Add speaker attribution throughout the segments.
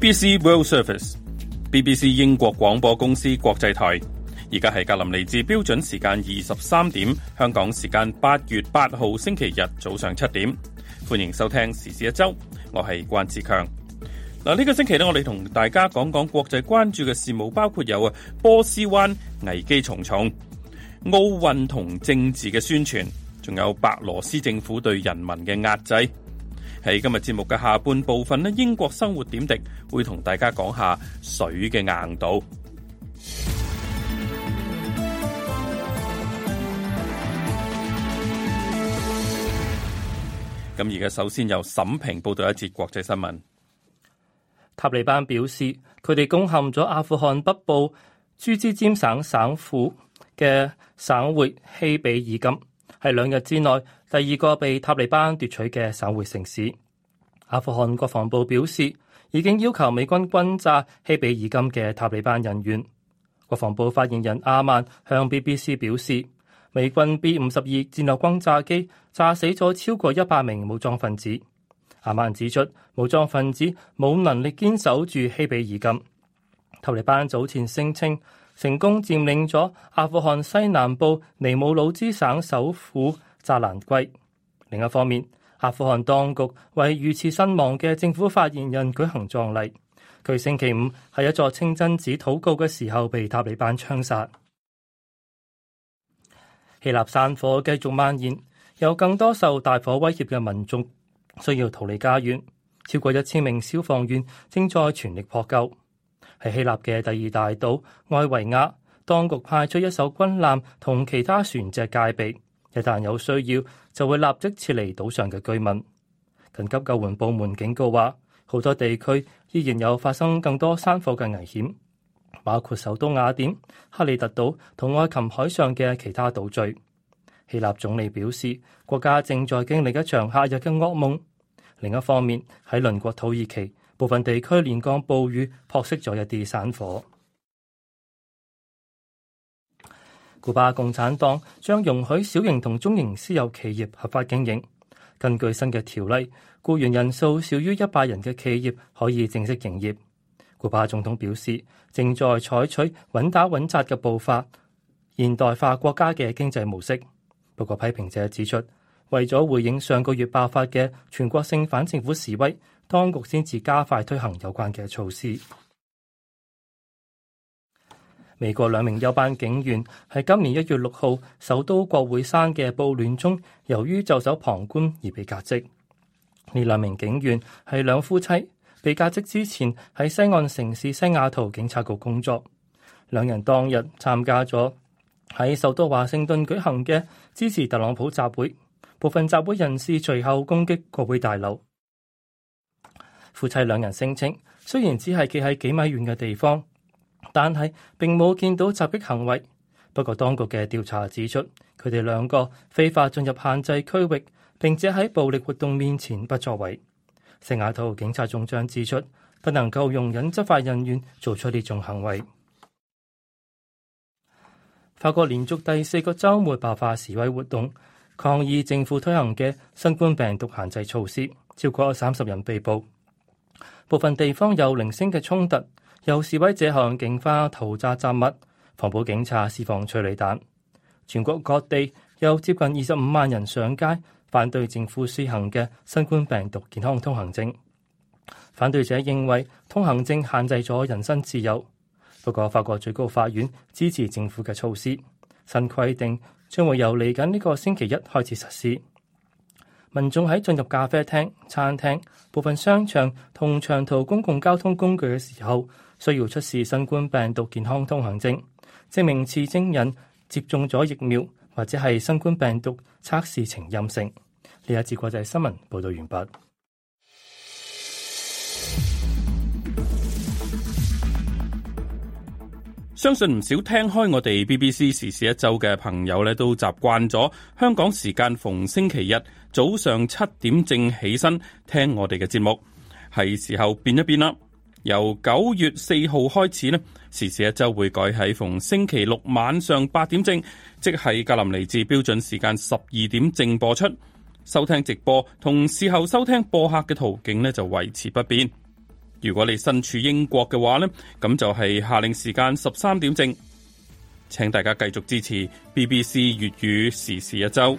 Speaker 1: BBC World Service，BBC 英國廣播公司國際台，而家係格林尼治標準時間二十三點，香港時間八月八號星期日早上七點，歡迎收聽時事一周，我係關志強。嗱，呢個星期咧，我哋同大家講講國際關注嘅事務，包括有啊波斯灣危機重重、奧運同政治嘅宣傳，仲有白羅斯政府對人民嘅壓制。喺、hey, 今日節目嘅下半部分咧，英國生活點滴會同大家講下水嘅硬度。咁而家首先由沈平報道一節國際新聞。塔利班表示，
Speaker 2: 佢哋攻陷咗阿富汗北部朱茲詹省省府嘅省會希比爾金，喺兩日之內。第二個被塔利班奪取嘅省會城市，阿富汗國防部表示已經要求美軍轟炸希比爾金嘅塔利班人員。國防部發言人阿曼向 BBC 表示，美軍 B 五十二戰略轟炸機炸死咗超過一百名武裝分子。阿曼指出，武裝分子冇能力堅守住希比爾金。塔利班早前聲稱成功佔領咗阿富汗西南部尼姆魯茲省首府扎蘭圭。另一方面，阿富汗當局為遇刺身亡嘅政府發言人舉行葬禮。佢星期五喺一座清真寺禱告嘅時候被塔利班槍殺。希臘山火繼續蔓延，有更多受大火威脅嘅民眾需要逃離家園。超過一千名消防員正在全力撲救。喺希臘嘅第二大島愛維亞，當局派出一艘軍艦同其他船隻戒備。一旦有需要，就會立即撤離島上嘅居民。緊急救援部門警告話，好多地區依然有發生更多山火嘅危險，包括首都雅典、克里特島同愛琴海上嘅其他島嶼。希臘總理表示，國家正在經歷一場夏日嘅噩夢。另一方面，喺鄰國土耳其，部分地區連降暴雨，撲熄咗一啲山火。古巴共產黨將容許小型同中型私有企業合法經營。根據新嘅條例，雇員人數少於一百人嘅企業可以正式營業。古巴總統表示，正在採取穩打穩紮嘅步伐，現代化國家嘅經濟模式。不過批評者指出，為咗回應上個月爆發嘅全國性反政府示威，當局先至加快推行有關嘅措施。美國兩名休班警員喺今年一月六號首都國會山嘅暴亂中，由於袖手旁觀而被革職。呢兩名警員係兩夫妻，被革職之前喺西岸城市西雅圖警察局工作。兩人當日參加咗喺首都華盛頓舉行嘅支持特朗普集會，部分集會人士隨後攻擊國會大樓。夫妻兩人聲稱，雖然只係企喺幾米遠嘅地方。但係並冇見到襲擊行為。不過，當局嘅調查指出，佢哋兩個非法進入限制區域，並且喺暴力活動面前不作為。西雅圖警察總長指出，不能夠容忍執法人員做出呢種行為。法國連續第四個週末爆發示威活動，抗議政府推行嘅新冠病毒限制措施，超過三十人被捕，部分地方有零星嘅衝突。有示威者向警方投擲雜物，防暴警察施放催淚彈。全國各地有接近二十五萬人上街反對政府施行嘅新冠病毒健康通行證。反對者認為通行證限制咗人身自由，不過法國最高法院支持政府嘅措施。新規定將會由嚟緊呢個星期一開始實施。民眾喺進入咖啡廳、餐廳、部分商場同長途公共交通工具嘅時候，需要出示新冠病毒健康通行證，證明自己接種咗疫苗或者係新冠病毒測試呈陰性。呢一節國際新聞報導
Speaker 1: 完畢。相信唔少聽開我哋 BBC 時事一周嘅朋友咧，都習慣咗香港時間逢星期日早上七點正起身聽我哋嘅節目，係時候變一變啦。由九月四號開始咧，時事一周會改喺逢星期六晚上八點正，即係格林尼治標準時間十二點正播出。收聽直播同事後收聽播客嘅途徑咧，就維持不變。如果你身處英國嘅話咧，咁就係夏令時間十三點正。請大家繼續支持 BBC 粵語時事一周。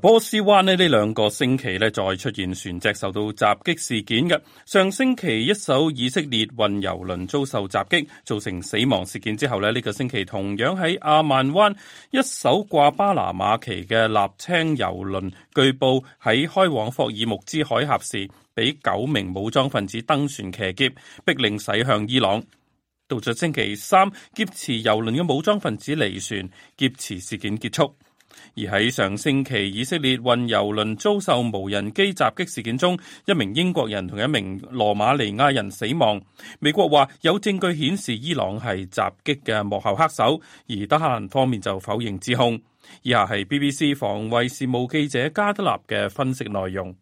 Speaker 1: 波斯灣呢，呢兩個星期呢，再出現船隻受到襲擊事件嘅。上星期一艘以色列運油輪遭受襲擊，造成死亡事件之後呢，呢、呢個星期同樣喺阿曼灣，一艘掛巴拿馬旗嘅瀝青油輪，據報喺開往霍爾木茲海峽時，俾九名武裝分子登船騎劫，逼令駛向伊朗。到咗星期三，劫持油輪嘅武裝分子離船，劫持事件結束。而喺上星期以色列運油輪遭受無人機襲擊事件中，一名英國人同一名羅馬尼亞人死亡。美國話有證據顯示伊朗係襲擊嘅幕後黑手，而德黑蘭方面就否認指控。以下係 BBC 防衛事務記者加德納嘅分析內容。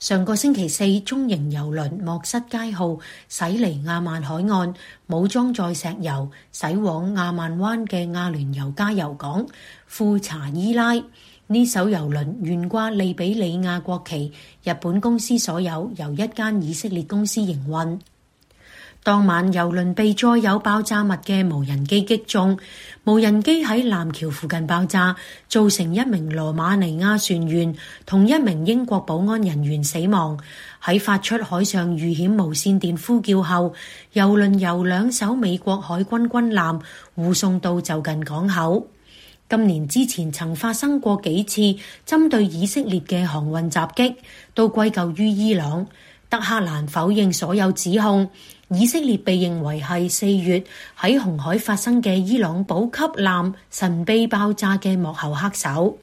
Speaker 3: 上個星期四，中型油輪莫塞街號駛離亞曼海岸，冇裝載石油駛往亞曼灣嘅阿聯酋加油港富查伊拉。呢艘油輪懸掛利比里亞國旗，日本公司所有，由一間以色列公司營運。當晚郵輪被載有爆炸物嘅無人機擊中，無人機喺南橋附近爆炸，造成一名羅馬尼亞船員同一名英國保安人員死亡。喺發出海上遇險無線電呼叫後，郵輪由兩艘美國海軍軍艦護送到就近港口。今年之前曾發生過幾次針對以色列嘅航運襲擊，都歸咎於伊朗。德黑蘭否認所有指控。以色列被認為係四月喺紅海發生嘅伊朗補給艦神秘爆炸嘅幕後黑手。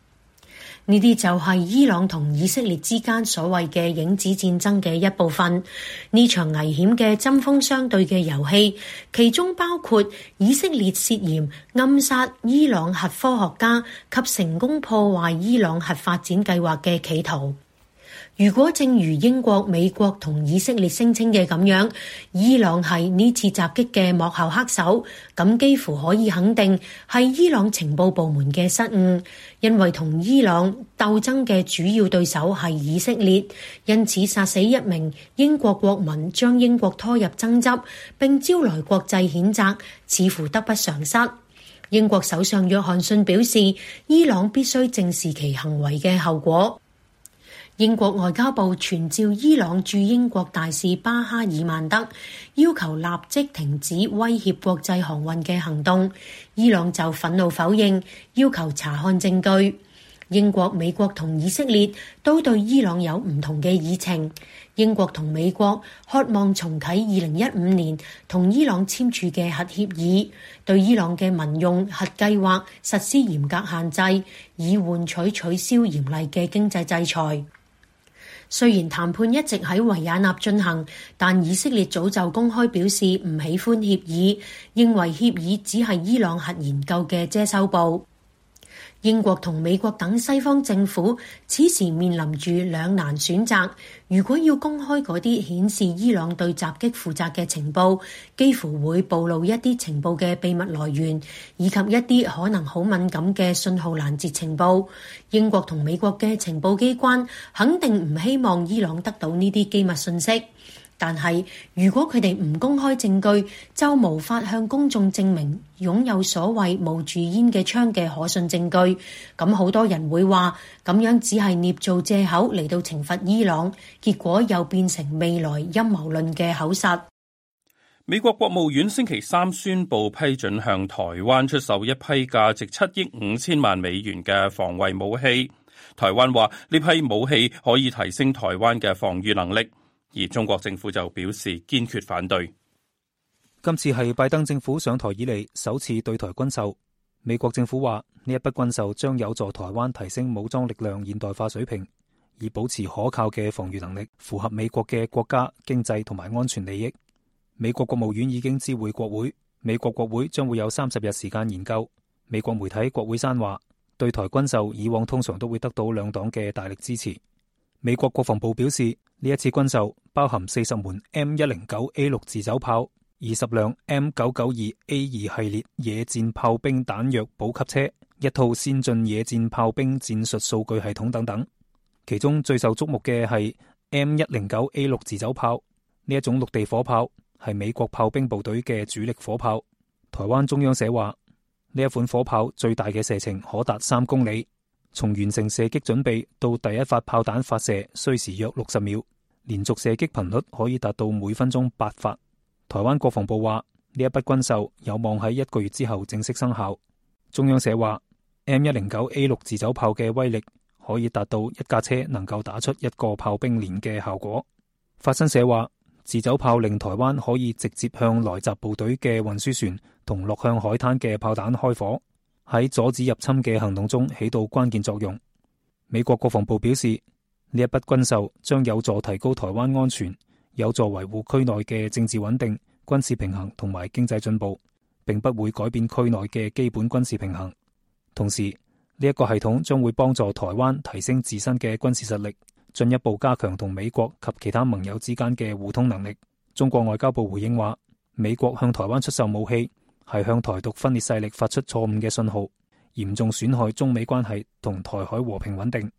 Speaker 3: 呢啲就係伊朗同以色列之間所謂嘅影子戰爭嘅一部分。呢場危險嘅針鋒相對嘅遊戲，其中包括以色列涉嫌暗殺伊朗核科學家及成功破壞伊朗核發展計劃嘅企圖。如果正如英國、美國同以色列聲稱嘅咁樣，伊朗係呢次襲擊嘅幕後黑手，咁幾乎可以肯定係伊朗情報部門嘅失誤，因為同伊朗鬥爭嘅主要對手係以色列，因此殺死一名英國國民將英國拖入爭執，並招來國際譴責，似乎得不償失。英國首相約翰遜表示，伊朗必須正視其行為嘅後果。英國外交部傳召伊朗駐英國大使巴哈爾曼德，要求立即停止威脅國際航運嘅行動。伊朗就憤怒否認，要求查看證據。英國、美國同以色列都對伊朗有唔同嘅議程。英國同美國渴望重啟二零一五年同伊朗簽署嘅核協議，對伊朗嘅民用核計劃實施嚴格限制，以換取取消嚴厲嘅經濟制裁。雖然談判一直喺維也納進行，但以色列早就公開表示唔喜歡協議，認為協議只係伊朗核研究嘅遮羞布。英國同美國等西方政府此時面臨住兩難選擇，如果要公開嗰啲顯示伊朗對襲擊負責嘅情報，幾乎會暴露一啲情報嘅秘密來源，以及一啲可能好敏感嘅信號攔截情報。英國同美國嘅情報機關肯定唔希望伊朗得到呢啲機密信息。但係，如果佢哋唔公開證據，就無法向公眾證明擁有所謂冒住煙嘅槍嘅可信證據。咁，好多人會話咁樣只係捏造借口嚟到懲罰伊朗，結果又變成未來陰謀論嘅口實。
Speaker 1: 美國國務院星期三宣布批准向台灣出售一批價值七億五千萬美元嘅防衛武器。台灣話呢批武器可以提升台灣嘅防禦能力。而中國政府就表示堅決反對。
Speaker 4: 今次係拜登政府上台以嚟首次對台軍售。美國政府話，呢一筆軍售將有助台灣提升武裝力量現代化水平，以保持可靠嘅防禦能力，符合美國嘅國家經濟同埋安全利益。美國國務院已經知會國會，美國國會將會有三十日時間研究。美國媒體國會山話，對台軍售以往通常都會得到兩黨嘅大力支持。美國國防部表示。呢一次軍售包含四十門 M 一零九 A 六自走炮、二十輛 M 九九二 A 二系列野戰炮兵彈、彈藥補給車、一套先進野戰炮兵戰術數據系統等等。其中最受矚目嘅係 M 一零九 A 六自走炮，呢一種陸地火炮係美國炮兵部隊嘅主力火炮。台灣中央社話，呢一款火炮最大嘅射程可達三公里。從完成射擊準備到第一發炮彈發射，需時約六十秒，連續射擊頻率可以達到每分鐘八發。台灣國防部話，呢一筆軍售有望喺一個月之後正式生效。中央社話，M 一零九 A 六自走炮嘅威力可以達到一架車能夠打出一個炮兵連嘅效果。法新社話，自走炮令台灣可以直接向來襲部隊嘅運輸船同落向海灘嘅炮彈開火。喺阻止入侵嘅行動中起到關鍵作用。美國國防部表示，呢一筆軍售將有助提高台灣安全，有助維護區內嘅政治穩定、軍事平衡同埋經濟進步。並不會改變區內嘅基本軍事平衡。同時，呢一個系統將會幫助台灣提升自身嘅軍事實力，進一步加強同美國及其他盟友之間嘅互通能力。中國外交部回應話：美國向台灣出售武器，係向台獨分裂勢力發出錯誤嘅信號，嚴重損害中美關係同台海和平穩定。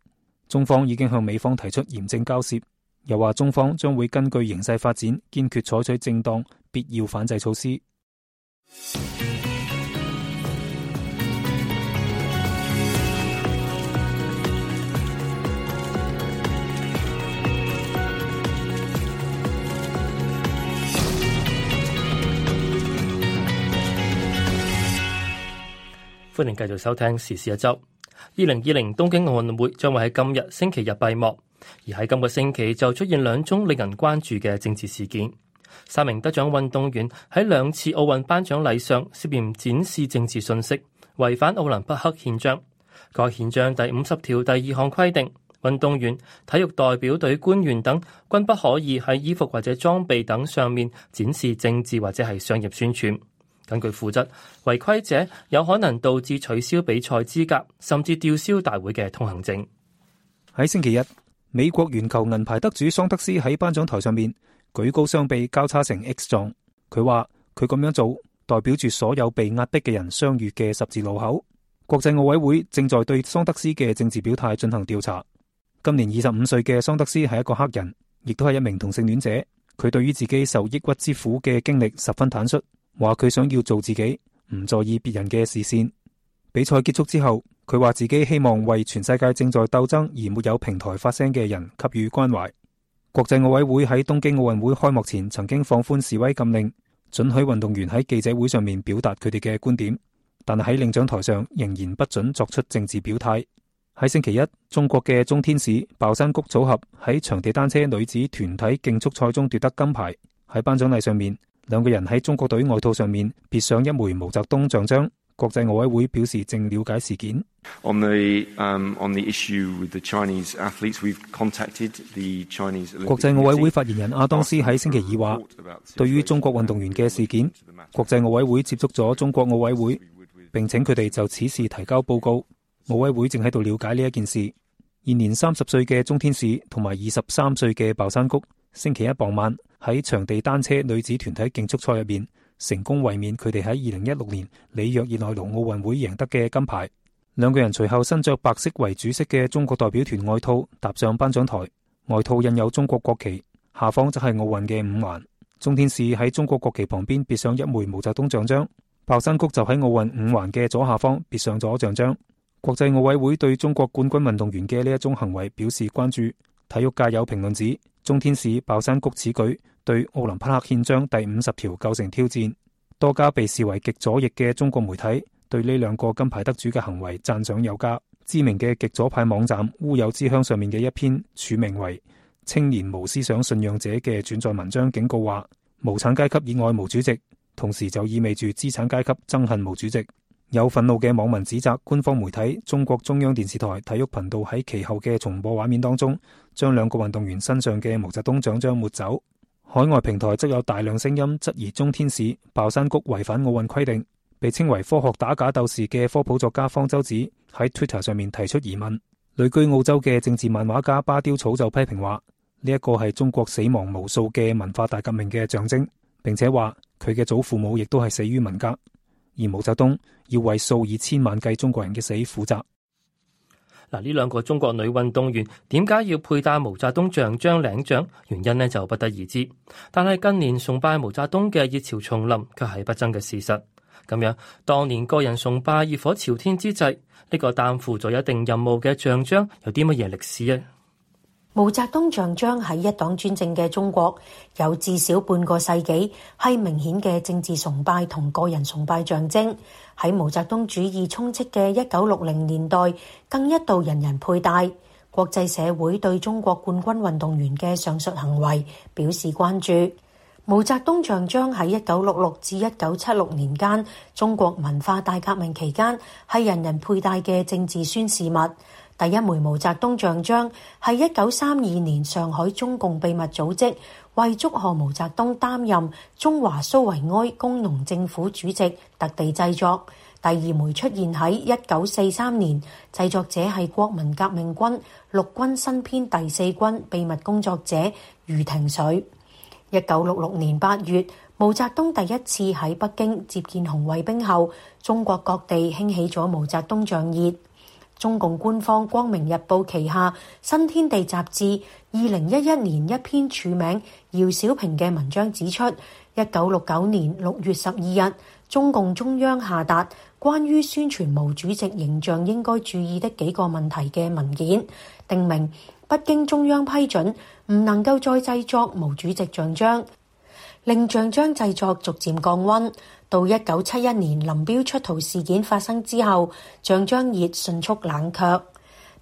Speaker 4: 中方已經向美方提出嚴正交涉，又話中方將會根據形勢發展，堅決採取正當必要反制措施。
Speaker 2: 歡迎繼續收聽時事一周。二零二零東京奧運會將會喺今日星期日閉幕，而喺今個星期就出現兩宗令人關注嘅政治事件。三名得獎運動員喺兩次奧運頒獎禮上涉嫌展示政治信息，違反奧林匹克憲章。該憲章第五十條第二項規定，運動員、體育代表隊官員等均不可以喺衣服或者裝備等上面展示政治或者係商業宣傳。根據負責，違規者有可能導致取消比賽資格，甚至吊銷大會
Speaker 4: 嘅通行證。喺星期日，美國鉛球銀牌得主桑德斯喺頒獎台上面舉高雙臂交叉成 X 狀。佢話佢咁樣做代表住所有被壓迫嘅人相遇嘅十字路口。國際奧委會正在對桑德斯嘅政治表態進行調查。今年二十五歲嘅桑德斯係一個黑人，亦都係一名同性戀者。佢對於自己受抑鬱之苦嘅經歷十分坦率。話佢想要做自己，唔在意別人嘅視線。比賽結束之後，佢話自己希望為全世界正在鬥爭而沒有平台發聲嘅人給予關懷。國際奧委會喺東京奧運會開幕前曾經放寬示威禁令，准許運動員喺記者會上面表達佢哋嘅觀點，但喺領獎台上仍然不准作出政治表態。喺星期一，中國嘅鍾天使、鮑珊菊組合喺場地單車女子團體競速賽中奪得金牌，喺頒獎禮上面，兩個人喺中國隊外套上面別上一枚毛澤東像章。國際奧委會表示正了解事件。
Speaker 3: 國際奧委會發
Speaker 4: 言人阿當斯喺星期二話，對於中國運動員嘅事件，國際奧委會接觸咗中國奧委會，並請佢哋就此事提交報告。奧委會正喺度了解呢一件事。現年三十歲嘅鍾天使同埋二十三歲嘅鮑珊菊，星期一傍晚。喺場地單車女子團體競速賽入面，成功衛冕佢哋喺二零一六年里約熱內盧奧運會贏得嘅金牌。兩個人隨後身着白色為主色嘅中國代表團外套，踏上頒獎台。外套印有中國國旗，下方就係奧運嘅五環。鐘天使喺中國國旗旁邊別上一枚毛澤東像章，鮑山菊就喺奧運五環嘅左下方別上咗像章。國際奧委會對中國冠軍運動員嘅呢一種行為表示關注。體育界有評論指。中天使鮑山谷此舉對奧林匹克憲章第五十條構成挑戰。多家被視為極左翼嘅中國媒體對呢兩個金牌得主嘅行為讚賞有加。知名嘅極左派網站烏有之鄉上面嘅一篇署名為“青年無思想信仰者”嘅轉載文章警告話：無產階級熱愛毛主席，同時就意味住資產階級憎恨毛主席。有憤怒嘅網民指責官方媒體中國中央電視台體育頻道喺其後嘅重播畫面當中，將兩個運動員身上嘅毛澤東獎章抹走。海外平台則有大量聲音質疑鍾天使、鮑珊菊違反奧運規定。被稱為科學打假鬥士嘅科普作家方舟子喺 Twitter 上面提出疑問。旅居澳洲嘅政治漫畫家巴丟草就批評話：呢一個係中國死亡無數嘅文化大革命嘅象徵，並且話佢嘅祖父母亦都係死於文革。而毛澤東要為數以千萬計中國人嘅死負責。
Speaker 2: 嗱，呢兩個中國女運動員點解要佩戴毛澤東像章領獎？原因呢就不得而知。但係近年崇拜毛澤東嘅熱潮重臨，卻係不爭嘅事實。咁樣，當年個人崇拜熱火朝天之際，呢個擔負咗一定任務嘅像章有啲乜嘢歷史啊？
Speaker 3: 毛澤東像章喺一黨專政嘅中國有至少半個世紀係明顯嘅政治崇拜同個人崇拜象徵，喺毛澤東主義充斥嘅一九六零年代更一度人人佩戴。國際社會對中國冠軍運動員嘅上述行為表示關注。毛澤東像章喺一九六六至一九七六年間中國文化大革命期間係人人佩戴嘅政治宣示物。第一枚毛澤東像章係一九三二年上海中共秘密組織為祝賀毛澤東擔任中華蘇維埃工農政府主席特地製作。第二枚出現喺一九四三年，製作者係國民革命軍陸軍新編第四軍秘密工作者余廷水。一九六六年八月，毛澤東第一次喺北京接見紅衛兵後，中國各地興起咗毛澤東像熱。中共官方《光明日報》旗下《新天地雜誌》二零一一年一篇署名姚小平嘅文章指出，一九六九年六月十二日，中共中央下達關於宣傳毛主席形象應該注意的幾個問題嘅文件，定明不經中央批准，唔能夠再製作毛主席像章。令像章製作逐漸降溫。到一九七一年林彪出逃事件發生之後，像章熱迅速冷卻。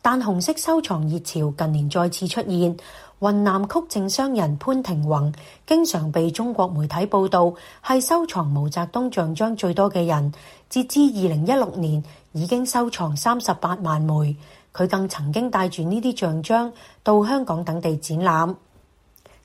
Speaker 3: 但紅色收藏熱潮近年再次出現。雲南曲靖商人潘廷宏經常被中國媒體報導，係收藏毛澤東像章最多嘅人。截至二零一六年，已經收藏三十八萬枚。佢更曾經帶住呢啲像章到香港等地展覽。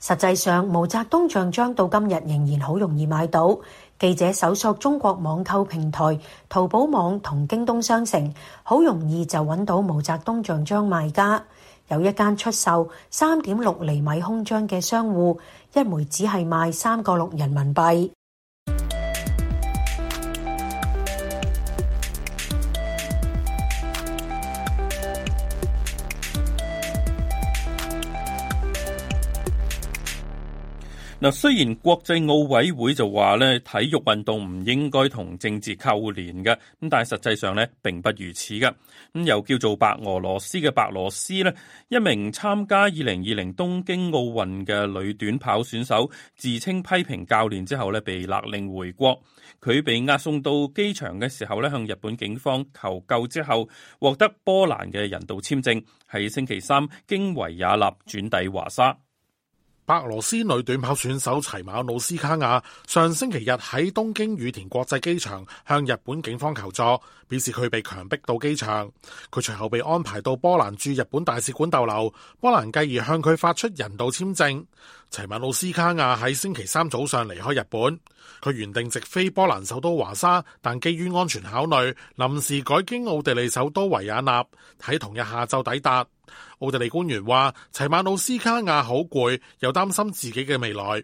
Speaker 3: 實際上，毛澤東像章到今日仍然好容易買到。記者搜索中國網購平台，淘寶網同京東商城，好容易就揾到毛澤東像章賣家。有一間出售三點六厘米胸章嘅商戶，一枚只係賣三個六人民幣。
Speaker 1: 嗱，雖然國際奧委會就話咧，體育運動唔應該同政治扣連嘅，咁但係實際上咧，並不如此噶。咁又叫做白俄羅斯嘅白羅斯咧，一名參加二零二零東京奧運嘅女短跑選手，自稱批評教練之後咧，被勒令回國。佢被押送到機場嘅時候咧，向日本警方求救之後，獲得波蘭嘅人道
Speaker 5: 簽證，喺星期三經維也納轉抵華沙。白羅斯女短跑選手齊馬努斯卡亞上星期日喺東京羽田國際機場向日本警方求助，表示佢被強逼到機場。佢隨後被安排到波蘭駐日本大使館逗留，波蘭繼而向佢發出人道簽證。齊馬努斯卡亞喺星期三早上離開日本，佢原定直飛波蘭首都華沙，但基於安全考慮，臨時改經奧地利首都維也納，喺同日下晝抵達。奧地利官員話：齊馬努斯卡亞好攰，又擔心自己嘅未來。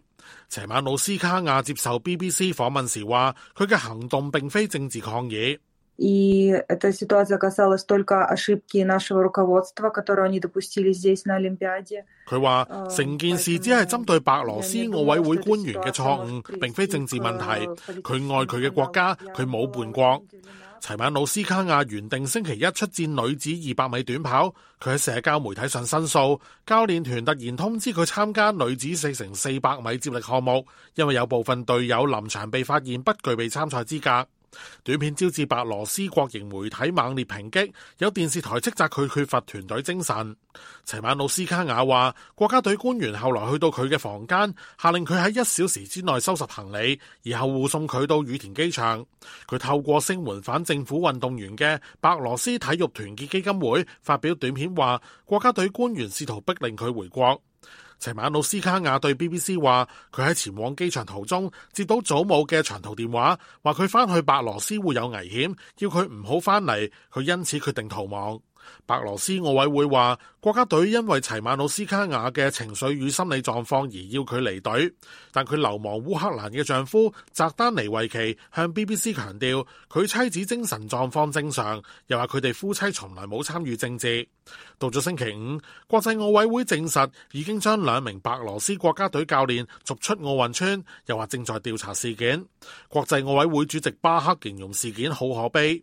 Speaker 5: 齊馬努斯卡亞接受 BBC 訪問時話：佢嘅行動並非政治抗議。佢話成件事只係針對白羅斯奧委會官員嘅錯誤，並非政治問題。佢愛佢嘅國家，佢冇叛國。齊曼努斯卡亞原定星期一出戰女子二百米短跑，佢喺社交媒體上申訴，教練團突然通知佢參加女子四乘四百米接力項目，因為有部分隊友臨場被發現不具備參賽資格。短片招致白羅斯國營媒體猛烈抨擊，有電視台斥責佢缺乏團隊精神。齊萬努斯卡雅話：國家隊官員後來去到佢嘅房間，下令佢喺一小時之內收拾行李，然後護送佢到羽田機場。佢透過聲援反政府運動員嘅白羅斯體育團結基金會發表短片，話國家隊官員試圖逼令佢回國。齊馬努斯卡亞對 BBC 話，佢喺前往機場途中，接到祖母嘅長途電話，話佢翻去白羅斯會有危險，叫佢唔好翻嚟，佢因此決定逃亡。白羅斯奧委會話，國家隊因為齊曼諾斯卡亞嘅情緒與心理狀況而要佢離隊，但佢流亡烏克蘭嘅丈夫澤丹尼維奇向 BBC 強調，佢妻子精神狀況正常，又話佢哋夫妻從來冇參與政治。到咗星期五，國際奧委會證實已經將兩名白羅斯國家隊教練逐出奧運村，又話正在調查事件。國際奧委會主席巴克形容事件好可悲。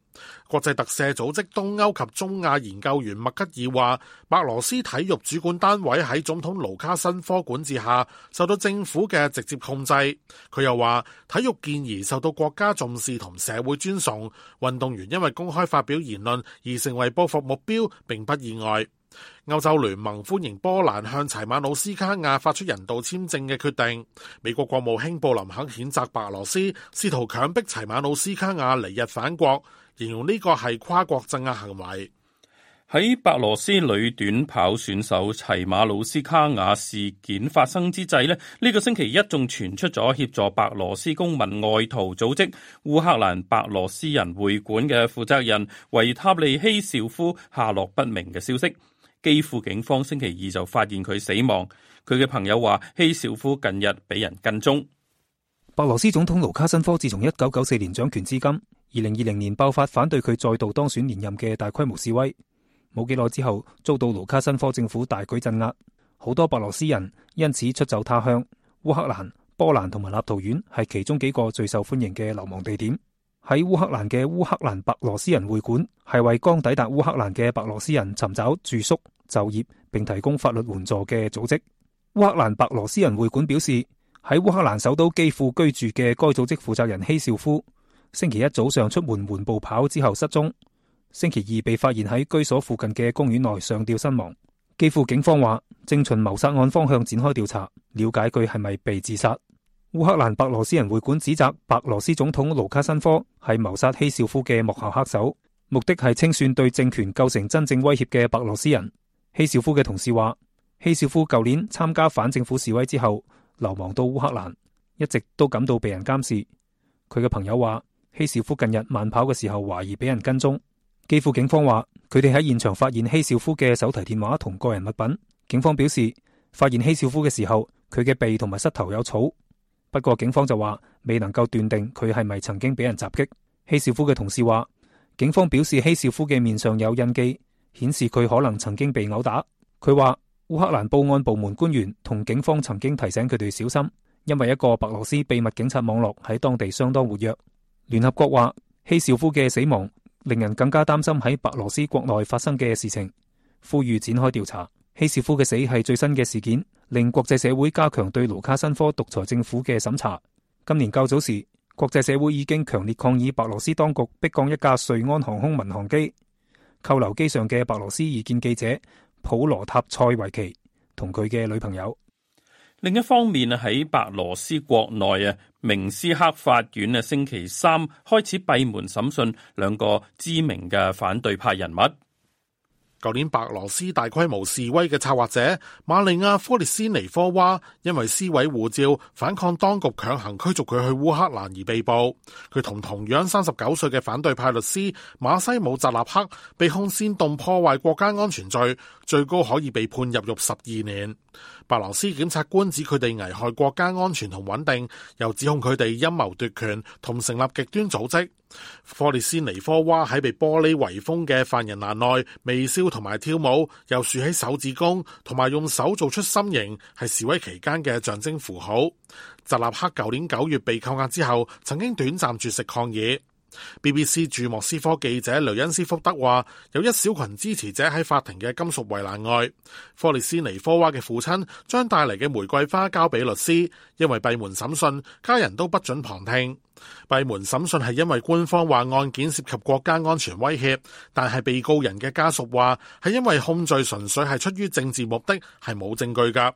Speaker 5: 國際特赦組織東歐及中亞研究員麥吉爾話，白羅斯體育主管單位喺總統盧卡申科管治下，受到政府嘅直接控制。佢又話，體育健兒受到國家重視同社會尊崇，運動員因為公開發表言論而成為報復目標，並不意外。歐洲聯盟歡迎波蘭向齊馬努斯卡亞發出人道簽證嘅決定。美國國務卿布林肯譴責白羅斯試圖強迫齊馬努斯卡亞離日返國，形容呢個係跨國鎮壓行為。
Speaker 1: 喺白羅斯女短跑選手齊馬努斯卡亞事件發生之際，呢、這、呢個星期一仲傳出咗協助白羅斯公民外逃組織烏克蘭白羅斯人會館嘅負責人維塔利希紹夫下落不明嘅消息。基輔警方星期二就發現佢死亡。佢嘅朋友話希少夫近日俾人跟蹤。
Speaker 4: 白羅斯總統盧卡申科自從一九九四年掌權至今，二零二零年爆發反對佢再度當選連任嘅大規模示威，冇幾耐之後遭到盧卡申科政府大舉鎮壓，好多白羅斯人因此出走他鄉。烏克蘭、波蘭同埋立陶宛係其中幾個最受歡迎嘅流亡地點。喺烏克蘭嘅烏克蘭白羅斯人會館係為剛抵達烏克蘭嘅白羅斯人尋找住宿、就業，並提供法律援助嘅組織。烏克蘭白羅斯人會館表示，喺烏克蘭首都基輔居住嘅該組織負責人希紹夫星期一早上出門緩步跑之後失蹤，星期二被發現喺居所附近嘅公園內上吊身亡。基輔警方話正循謀殺案方向展開調查，了解佢係咪被自殺。烏克蘭白羅斯人會館指責白羅斯總統盧卡申科係謀殺希少夫嘅幕後黑手，目的係清算對政權構成真正威脅嘅白羅斯人。希少夫嘅同事話，希少夫舊年參加反政府示威之後流亡到烏克蘭，一直都感到被人監視。佢嘅朋友話，希少夫近日慢跑嘅時候懷疑俾人跟蹤。基輔警方話，佢哋喺現場發現希少夫嘅手提電話同個人物品。警方表示，發現希少夫嘅時候，佢嘅鼻同埋膝頭有草。不過警方就話未能夠斷定佢係咪曾經俾人襲擊。希少夫嘅同事話，警方表示希少夫嘅面上有印記，顯示佢可能曾經被毆打。佢話烏克蘭保安部門官員同警方曾經提醒佢哋小心，因為一個白羅斯秘密警察網絡喺當地相當活躍。聯合國話希少夫嘅死亡令人更加擔心喺白羅斯國內發生嘅事情，呼籲展開調查。希斯夫嘅死係最新嘅事件，令國際社會加強對盧卡申科獨裁政府嘅審查。今年較早時，國際社會已經強烈抗議白羅斯當局逼降一架瑞安航空民航機，扣留機上嘅白羅斯異見記者普羅塔塞維奇同佢嘅女朋友。
Speaker 1: 另一方面喺白羅斯國內啊，明斯克法院啊星期三開始閉門審訊兩個知名嘅反對派人物。
Speaker 5: 舊年白羅斯大規模示威嘅策劃者瑪利亞科列斯尼科娃，因為撕毀護照反抗當局強行驅逐佢去烏克蘭而被捕。佢同同樣三十九歲嘅反對派律師馬西姆扎納克，被控煽動破壞國家安全罪，最高可以被判入獄十二年。白羅斯檢察官指佢哋危害國家安全同穩定，又指控佢哋陰謀奪權同成立極端組織。科列斯尼科娃喺被玻璃圍封嘅犯人欄內微笑同埋跳舞，又豎起手指公，同埋用手做出心形，係示威期間嘅象徵符號。扎納克舊年九月被扣押之後，曾經短暫絕食抗議。BBC 駐莫斯科記者雷恩斯福德話，有一小群支持者喺法庭嘅金屬圍欄外。科利斯尼科娃嘅父親將帶嚟嘅玫瑰花交俾律師，因為閉門審訊，家人都不准旁聽。閉門審訊係因為官方話案件涉及國家安全威脅，但係被告人嘅家屬話係因為控罪純粹係出於政治目的，係冇證據㗎。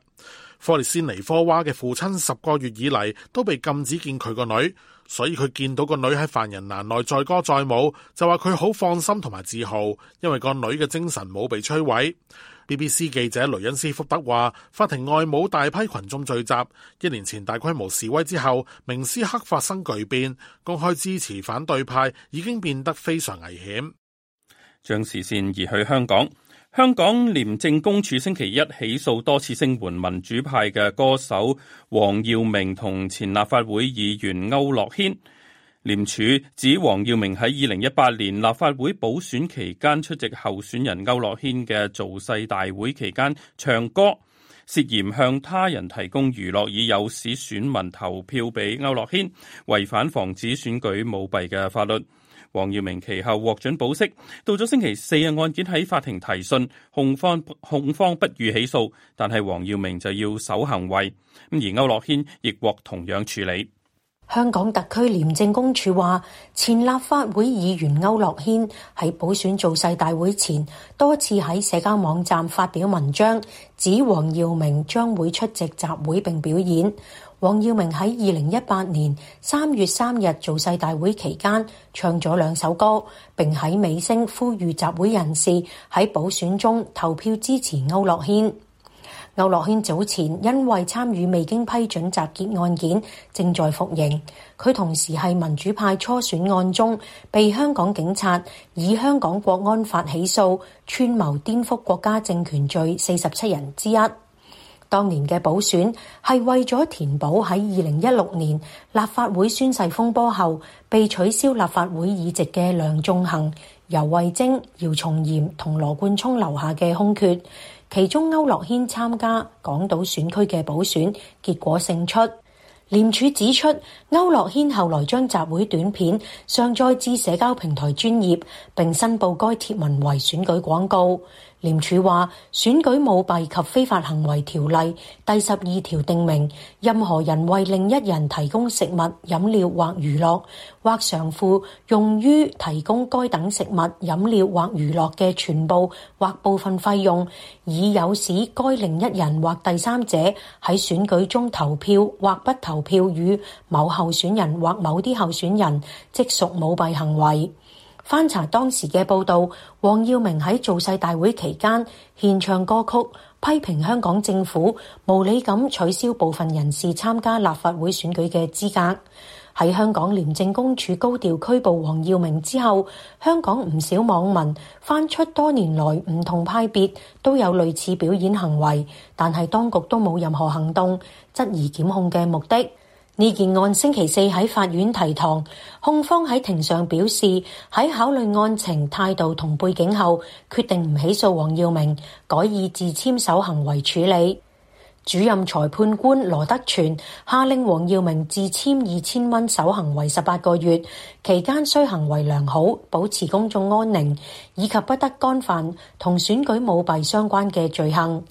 Speaker 5: 科利斯尼科娃嘅父親十個月以嚟都被禁止見佢個女。所以佢見到個女喺犯人欄內載歌載舞，就話佢好放心同埋自豪，因為個女嘅精神冇被摧毀。BBC 記者雷恩斯福德話：法庭外冇大批群眾聚集，一年前大規模示威之後，明斯克發生巨變，公開支持反對派已經變得非常危險。將視
Speaker 1: 線移去香港。香港廉政公署星期一起訴多次聲援民主派嘅歌手黃耀明同前立法會議員歐樂軒。廉署指黃耀明喺二零一八年立法會補選期間出席候選人歐樂軒嘅造勢大會期間唱歌，涉嫌向他人提供娛樂以誘使選民投票俾歐樂軒，違反防止選舉舞弊嘅法律。黃耀明其後獲准保釋，到咗星期四嘅，案件喺法庭提訊，控方控方不予起訴，但係黃耀明就要守行為。咁而區諾軒亦獲同樣處理。
Speaker 3: 香港特區廉政公署話，前立法會議員區諾軒喺補選造勢大會前，多次喺社交網站發表文章，指黃耀明將會出席集會並表演。黃耀明喺二零一八年三月三日造勢大會期間唱咗兩首歌，並喺尾聲呼籲集會人士喺補選中投票支持歐樂軒。歐樂軒早前因為參與未經批准集結案件正在服刑，佢同時係民主派初選案中被香港警察以香港國安法起訴串謀顛覆國家政權罪四十七人之一。當年嘅補選係為咗填補喺二零一六年立法會宣誓風波後被取消立法會議席嘅梁頌恆、游蕙禎、姚松炎同羅冠聰留下嘅空缺，其中區諾軒參加港島選區嘅補選，結果勝出。廉署指出，區諾軒後來將集會短片上載至社交平台專頁，並申報該帖文為選舉廣告。廉署話，《選舉舞弊及非法行為條例》第十二條定明，任何人為另一人提供食物、飲料或娛樂，或償付用於提供該等食物、飲料或娛樂嘅全部或部分費用，以誘使該另一人或第三者喺選舉中投票或不投票予某候選人或某啲候選人，即屬舞弊行為。翻查當時嘅報導，黃耀明喺造勢大會期間獻唱歌曲，批評香港政府無理咁取消部分人士參加立法會選舉嘅資格。喺香港廉政公署高調拘捕黃耀明之後，香港唔少網民翻出多年來唔同派別都有類似表演行為，但係當局都冇任何行動，質疑檢控嘅目的。呢件案星期四喺法院提堂，控方喺庭上表示喺考慮案情態度同背景後，決定唔起訴黃耀明，改以自簽守行為處理。主任裁判官羅德全下令黃耀明自簽二千蚊守行為十八個月，期間需行為良好，保持公眾安寧，以及不得干犯同選舉舞弊相關嘅罪行。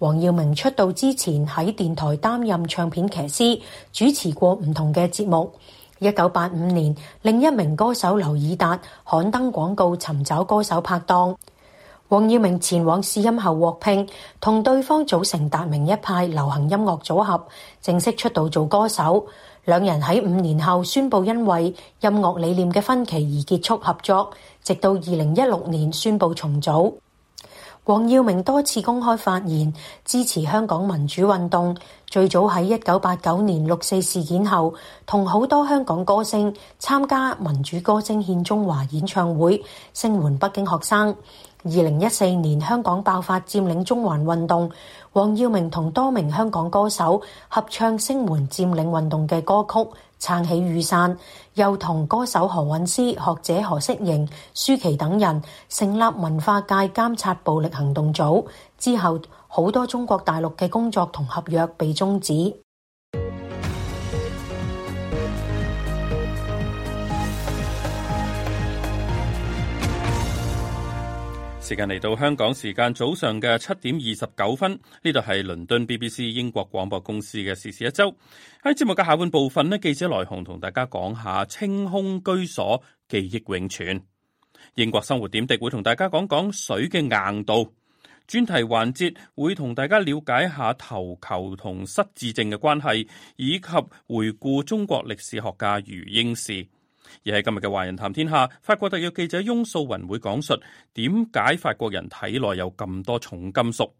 Speaker 3: 黃耀明出道之前喺電台擔任唱片騎師，主持過唔同嘅節目。一九八五年，另一名歌手劉以達刊登廣告尋找歌手拍檔，黃耀明前往試音後獲聘，同對方組成達明一派流行音樂組合，正式出道做歌手。兩人喺五年後宣布因為音樂理念嘅分歧而結束合作，直到二零一六年宣布重組。黃耀明多次公開發言支持香港民主運動，最早喺一九八九年六四事件後，同好多香港歌星參加民主歌聲獻中華演唱會，聲援北京學生。二零一四年香港爆發佔領中環運動，黃耀明同多名香港歌手合唱聲援佔領運動嘅歌曲《撐起雨傘》。又同歌手何韻詩、學者何式凝、舒琪等人成立文化界監察暴力行動組，之後好多中國大陸嘅工作同合約被終止。
Speaker 1: 時間嚟到香港時間早上嘅七點二十九分，呢度係倫敦 BBC 英國廣播公司嘅時事一周。喺節目嘅下半部分呢，記者來鴻同大家講下清空居所，記憶永存。英國生活點滴會同大家講講水嘅硬度。專題環節會同大家了解下頭球同失智症嘅關係，以及回顧中國歷史學家余英時。而喺今日嘅《華人談天下》，法國特約記者翁素雲會講述點解法國人體內有咁多重金屬。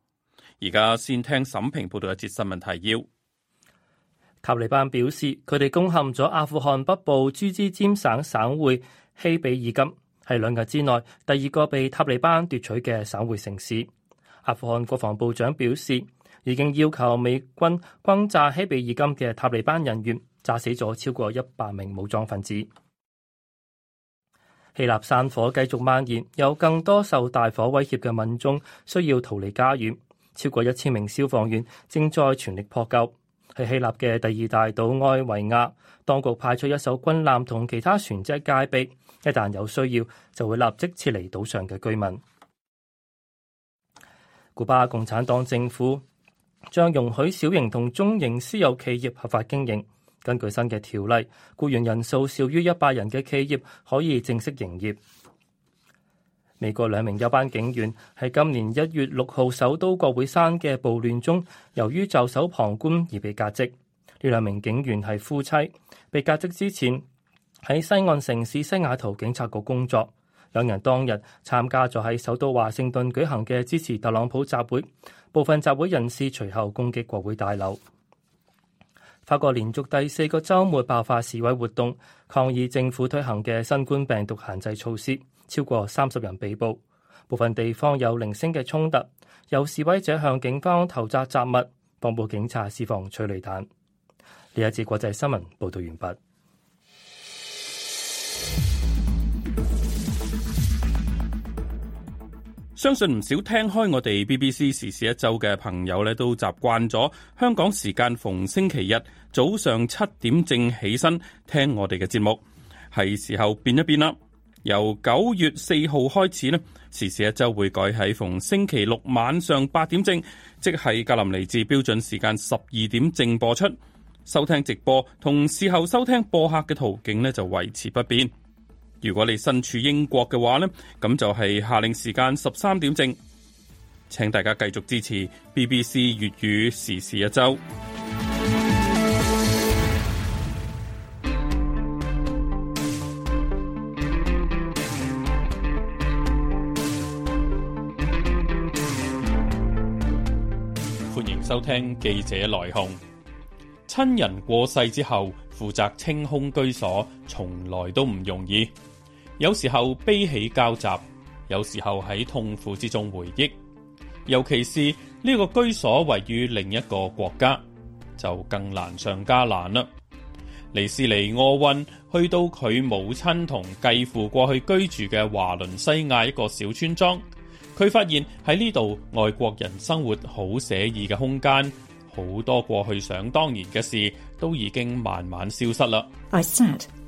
Speaker 1: 而家先聽沈平報道嘅節新聞提要。要塔利班表示佢哋攻陷咗阿富汗北部朱
Speaker 2: 茲詹省省會希比爾金，係兩日之內第二個被塔利班奪取嘅省會城市。阿富汗國防部長表示，已經要求美軍轟炸希比爾金嘅塔利班人員，炸死咗超過一百名武裝分子。希臘山火繼續蔓延，有更多受大火威脅嘅民眾需要逃離家園。超過一千名消防員正在全力撲救。喺希臘嘅第二大島愛維亞，當局派出一艘軍艦同其他船隻戒備，一旦有需要就會立即撤離島上嘅居民。古巴共產黨政府將容許小型同中型私有企業合法經營。根據新嘅條例，雇員人數少於一百人嘅企業可以正式營業。美國兩名休班警員喺今年一月六號首都國會山嘅暴亂中，由於袖手旁觀而被革職。呢兩名警員係夫妻，被革職之前喺西岸城市西雅圖警察局工作。兩人當日參加咗喺首都華盛頓舉行嘅支持特朗普集會，部分集會人士隨後攻擊國會大樓。法國連續第四個周末爆發示威活動，抗議政府推行嘅新冠病毒限制措施，超過三十人被捕，部分地方有零星嘅衝突，由示威者向警方投擲雜物，防暴警察釋放催淚彈。呢一節國際新聞報道完畢。
Speaker 1: 相信唔少聽開我哋 BBC 時事一周嘅朋友咧，都習慣咗香港時間逢星期日早上七點正起身聽我哋嘅節目，係時候變一變啦。由九月四號開始咧，時事一周會改喺逢星期六晚上八點正，即係格林尼治標準時間十二點正播出。收聽直播同事後收聽播客嘅途徑咧，就維持不變。如果你身處英國嘅話咧，咁就係夏令時間十三點正，請大家繼續支持 BBC 粵語時事一周。歡迎收聽記者來鴻。親人過世之後，負責清空居所，從來都唔容易。有時候悲喜交集，有時候喺痛苦之中回憶，尤其是呢個居所位於另一個國家，就更難上加難啦。尼斯尼奧運去到佢母親同繼父過去居住嘅華倫西亞一個小村莊，佢發現喺呢度外國人生活好寫意嘅空間，好多過去想當然嘅事都已經慢慢消失啦。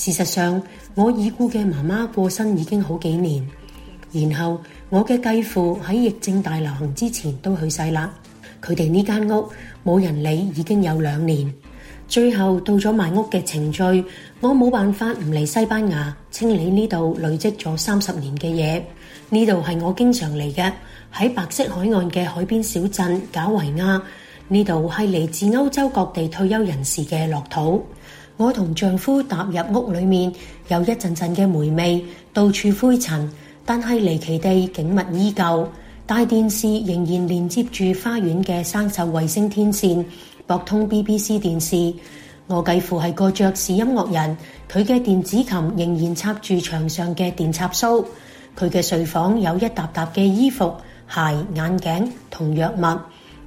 Speaker 3: 事實上，我已故嘅媽媽過身已經好幾年，然後我嘅繼父喺疫症大流行之前都去世啦。佢哋呢間屋冇人理已經有兩年，最後到咗賣屋嘅程序，我冇辦法唔嚟西班牙清理呢度累積咗三十年嘅嘢。呢度係我經常嚟嘅，喺白色海岸嘅海邊小鎮賈維亞，呢度係嚟自歐洲各地退休人士嘅樂土。我同丈夫踏入屋裏面，有一陣陣嘅霉味，到處灰塵，但係離奇地景物依舊。大電視仍然連接住花園嘅生銹衛星天線，駁通 BBC 電視。我繼父係個爵士音樂人，佢嘅電子琴仍然插住牆上嘅電插蘇。佢嘅睡房有一沓沓嘅衣服、鞋、眼鏡同藥物。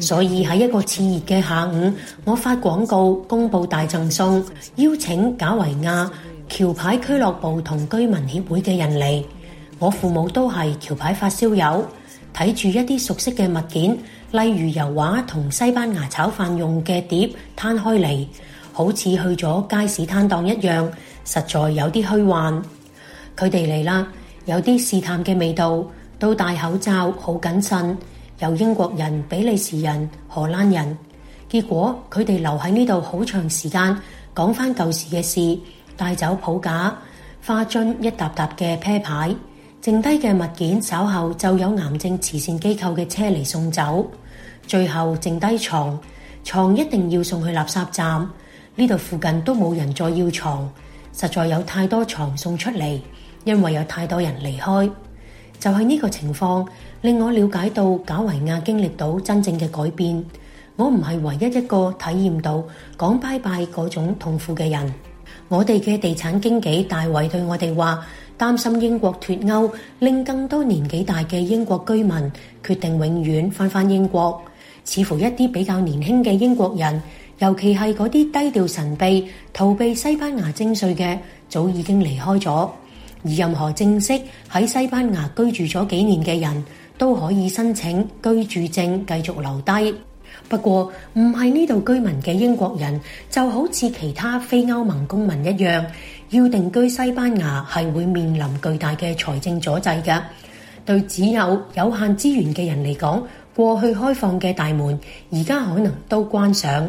Speaker 3: 所以喺一個熾熱嘅下午，我發廣告公布大贈送，邀請賈維亞橋牌俱樂部同居民協會嘅人嚟。我父母都係橋牌發燒友，睇住一啲熟悉嘅物件，例如油畫同西班牙炒飯用嘅碟攤開嚟，好似去咗街市攤檔一樣，實在有啲虛幻。佢哋嚟啦，有啲試探嘅味道，都戴口罩，好謹慎。有英國人、比利時人、荷蘭人，結果佢哋留喺呢度好長時間，講翻舊時嘅事，帶走普架花樽一沓沓嘅啤牌，剩低嘅物件稍後就有癌症慈善機構嘅車嚟送走。最後剩低床，床一定要送去垃圾站，呢度附近都冇人再要床，實在有太多床送出嚟，因為有太多人離開，就係呢個情況。令我了解到，賈維亞經歷到真正嘅改變。我唔係唯一一個體驗到講拜拜嗰種痛苦嘅人。我哋嘅地產經紀大衛對我哋話，擔心英國脫歐，令更多年紀大嘅英國居民決定永遠返返英國。似乎一啲比較年輕嘅英國人，尤其係嗰啲低調神秘逃避西班牙徵稅嘅，早已經離開咗。而任何正式喺西班牙居住咗幾年嘅人，都可以申請居住證繼續留低。不過，唔係呢度居民嘅英國人，就好似其他非歐盟公民一樣，要定居西班牙係會面臨巨大嘅財政阻滯㗎。對只有有限資源嘅人嚟講，過去開放嘅大門，而家可能都關上。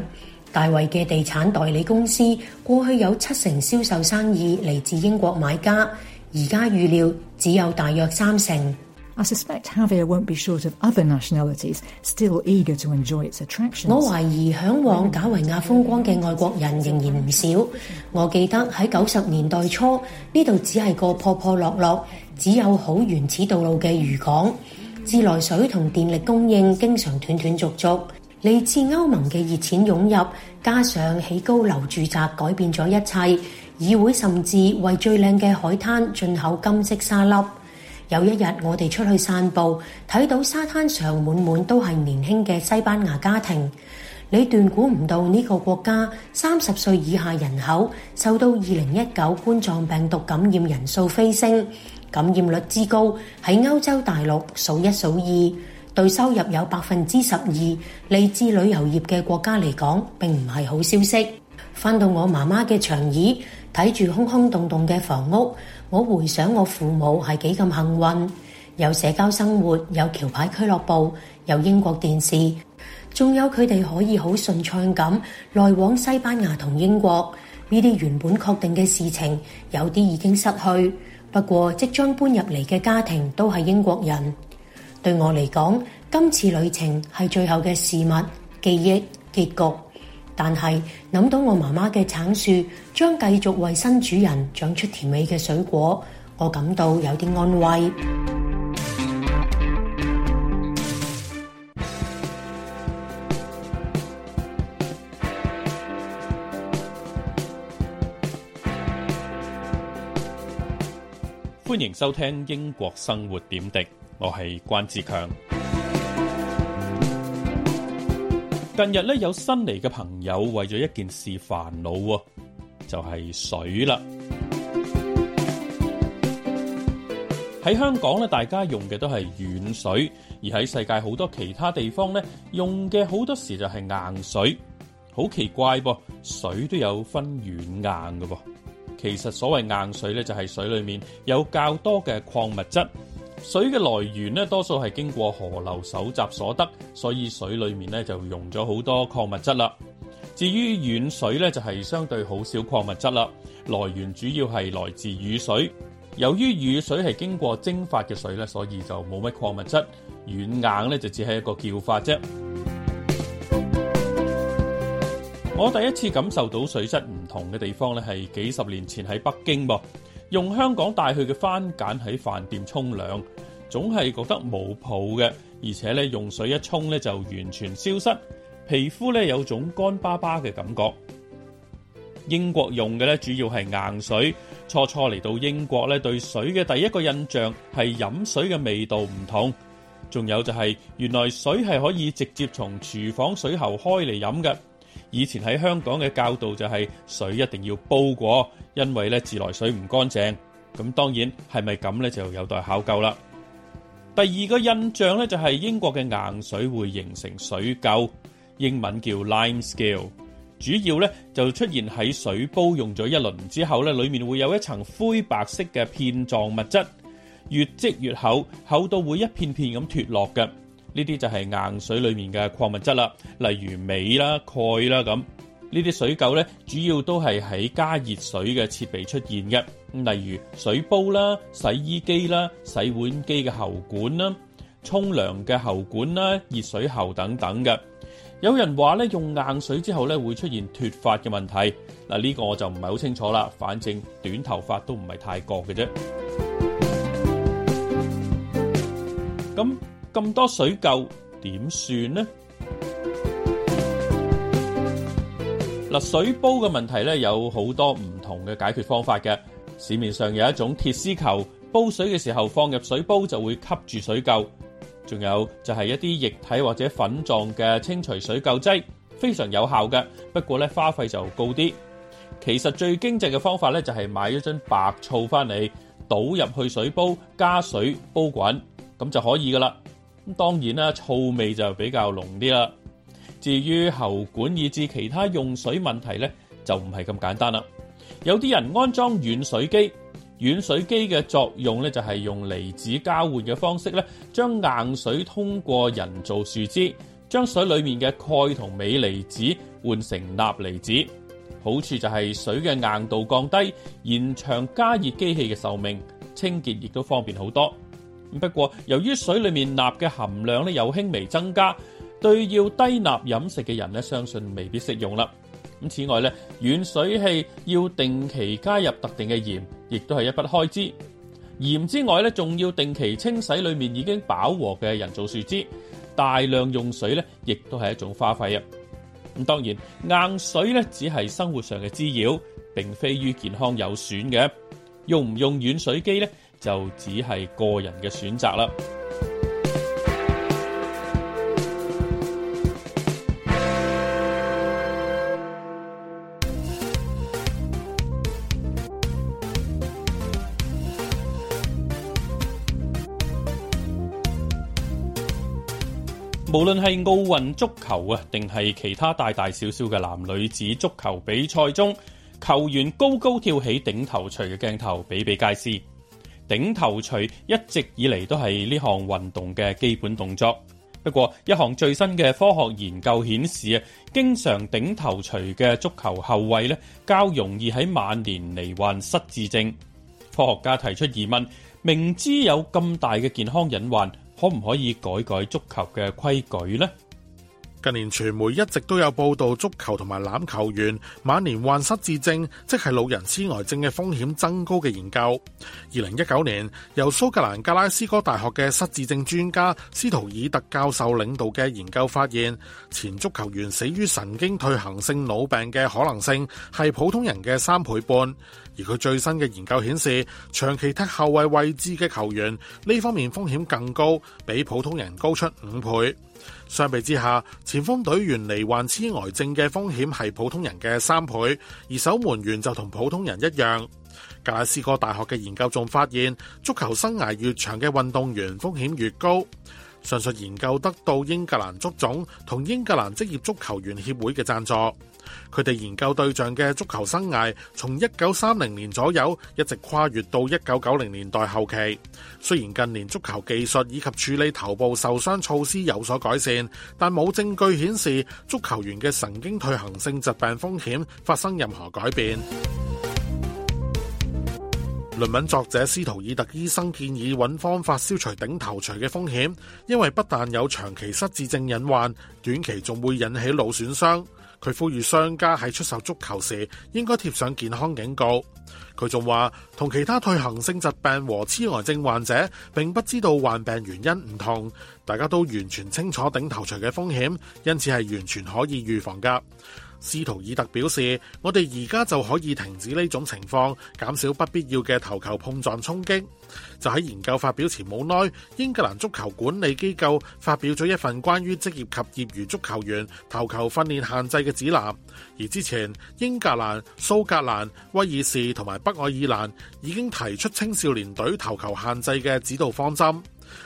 Speaker 3: 大衛嘅地產代理公司過去有七成銷售生意嚟自英國買家，而家預料只有大約三成。I suspect Javier won't be short of other nationalities still eager to enjoy its attraction。我懷疑嚮往賈維亞風光嘅外國人仍然唔少。我記得喺九十年代初，呢度只係個破破落落、只有好原始道路嘅漁港，自來水同電力供應經常斷斷續續，嚟自歐盟嘅熱錢湧入，加上起高樓住宅改變咗一切，議會甚至為最靚嘅海灘進口金色沙粒。有一日我哋出去散步，睇到沙灘上滿滿都係年輕嘅西班牙家庭。你斷估唔到呢個國家三十歲以下人口受到二零一九冠狀病毒感染人數飛升，感染率之高喺歐洲大陸數一數二。對收入有百分之十二，嚟自旅遊業嘅國家嚟講並唔係好消息。翻到我媽媽嘅長椅，睇住空空洞洞嘅房屋。我回想我父母係幾咁幸運，有社交生活，有橋牌俱樂部，有英國電視，仲有佢哋可以好順暢咁來往西班牙同英國。呢啲原本確定嘅事情，有啲已經失去。不過即將搬入嚟嘅家庭都係英國人，對我嚟講，今次旅程係最後嘅事物、記憶、結局。但係諗到我媽媽嘅橙樹將繼續為新主人長出甜美嘅水果，我感到有啲安慰。
Speaker 1: 歡迎收聽《英國生活點滴》，我係關志強。近日咧有新嚟嘅朋友為咗一件事煩惱，就係水啦。喺香港咧，大家用嘅都係軟水，而喺世界好多其他地方咧，用嘅好多時就係硬水，好奇怪噃！水都有分軟硬㗎噃。其實所謂硬水咧，就係水裏面有較多嘅礦物質。水嘅來源咧，多數係經過河流搜集所得，所以水裏面咧就溶咗好多礦物質啦。至於軟水咧，就係相對好少礦物質啦。來源主要係來自雨水，由於雨水係經過蒸發嘅水咧，所以就冇乜礦物質。軟硬咧就只係一個叫法啫。 我第一次感受到水質唔同嘅地方咧，係幾十年前喺北京噃。用香港帶去嘅番梘喺飯店沖涼，總係覺得冇泡嘅，而且咧用水一沖咧就完全消失，皮膚咧有種乾巴巴嘅感覺。英國用嘅咧主要係硬水，初初嚟到英國咧對水嘅第一個印象係飲水嘅味道唔同，仲有就係原來水係可以直接從廚房水喉開嚟飲嘅。以前喺香港嘅教導就係水一定要煲過。因為咧，自來水唔乾淨，咁當然係咪咁呢就有待考究啦。第二個印象呢，就係英國嘅硬水會形成水垢，英文叫 lime scale，主要呢，就出現喺水煲用咗一輪之後，呢裡面會有一層灰白色嘅片狀物質，越積越厚，厚到會一片片咁脫落嘅。呢啲就係硬水裡面嘅礦物質啦，例如鎂啦、鈣啦咁。呢啲水垢咧，主要都係喺加熱水嘅設備出現嘅，例如水煲啦、洗衣機啦、洗碗機嘅喉管啦、沖涼嘅喉管啦、熱水喉等等嘅。有人話咧，用硬水之後咧，會出現脫髮嘅問題。嗱，呢個我就唔係好清楚啦，反正短頭髮都唔係太過嘅啫。咁咁多水垢點算咧？水煲嘅問題咧，有好多唔同嘅解決方法嘅。市面上有一種鐵絲球，煲水嘅時候放入水煲就會吸住水垢。仲有就係一啲液體或者粉狀嘅清除水垢劑，非常有效嘅。不過咧，花費就高啲。其實最經濟嘅方法咧，就係買一樽白醋翻嚟，倒入去水煲，加水煲滾，咁就可以噶啦。咁當然啦，醋味就比較濃啲啦。至於喉管以至其他用水問題呢，就唔係咁簡單啦。有啲人安裝軟水機，軟水機嘅作用呢，就係用離子交換嘅方式呢，將硬水通過人造樹枝，將水裡面嘅鈣同鎂離子換成鈉離子。好處就係水嘅硬度降低，延長加熱機器嘅壽命，清潔亦都方便好多。不過由於水裡面鈉嘅含量呢，有輕微增加。對要低鈉飲食嘅人呢，相信未必適用啦。咁此外呢，軟水器要定期加入特定嘅鹽，亦都係一筆開支。鹽之外呢，仲要定期清洗裏面已經飽和嘅人造樹脂。大量用水呢，亦都係一種花費啊。咁當然，硬水呢，只係生活上嘅滋擾，並非於健康有損嘅。用唔用軟水機呢，就只係個人嘅選擇啦。無論係奧運足球啊，定係其他大大小小嘅男女子足球比賽中，球員高高跳起頂頭錘嘅鏡頭比比皆是。頂頭錘一直以嚟都係呢項運動嘅基本動作。不過，一項最新嘅科學研究顯示啊，經常頂頭錘嘅足球後衛咧，較容易喺晚年罹患失智症。科學家提出疑問：明知有咁大
Speaker 5: 嘅健康隱患。可唔可以改改足球嘅規矩呢？近年傳媒一直都有報道足球同埋欖球員晚年患失智症，即係老人痴呆症嘅風險增高嘅研究。二零一九年，由蘇格蘭格拉斯哥大學嘅失智症專家斯圖爾特教授領導嘅研究發現，前足球員死於神經退行性腦病嘅可能性係普通人嘅三倍半。而佢最新嘅研究顯示，長期踢後衛位置嘅球員呢方面風險更高，比普通人高出五倍。相比之下，前鋒隊員罹患痴呆症嘅風險係普通人嘅三倍，而守門員就同普通人一樣。格拉斯哥大學嘅研究仲發現足球生涯越長嘅運動員風險越高。上述研究得到英格蘭足總同英格蘭職業足球員協會嘅贊助，佢哋研究對象嘅足球生涯從一九三零年左右一直跨越到一九九零年代後期。雖然近年足球技術以及處理頭部受傷措施有所改善，但冇證據顯示足球員嘅神經退行性疾病風險發生任何改變。論文作者斯圖爾特醫生建議揾方法消除頂頭槌嘅風險，因為不但有長期失智症隱患，短期仲會引起腦損傷。佢呼籲商家喺出售足球時應該貼上健康警告。佢仲話同其他退行性疾病和痴呆症患者，並不知道患病原因唔同，大家都完全清楚頂頭錘嘅風險，因此係完全可以預防噶。斯圖爾特表示：我哋而家就可以停止呢種情況，減少不必要嘅頭球碰撞衝擊。就喺研究發表前冇耐，英格蘭足球管理機構發表咗一份關於職業及業餘足球員頭球訓練限制嘅指南。而之前，英格蘭蘇格蘭威爾士同埋北愛爾蘭已經提出青少年隊頭球限制嘅指導方針，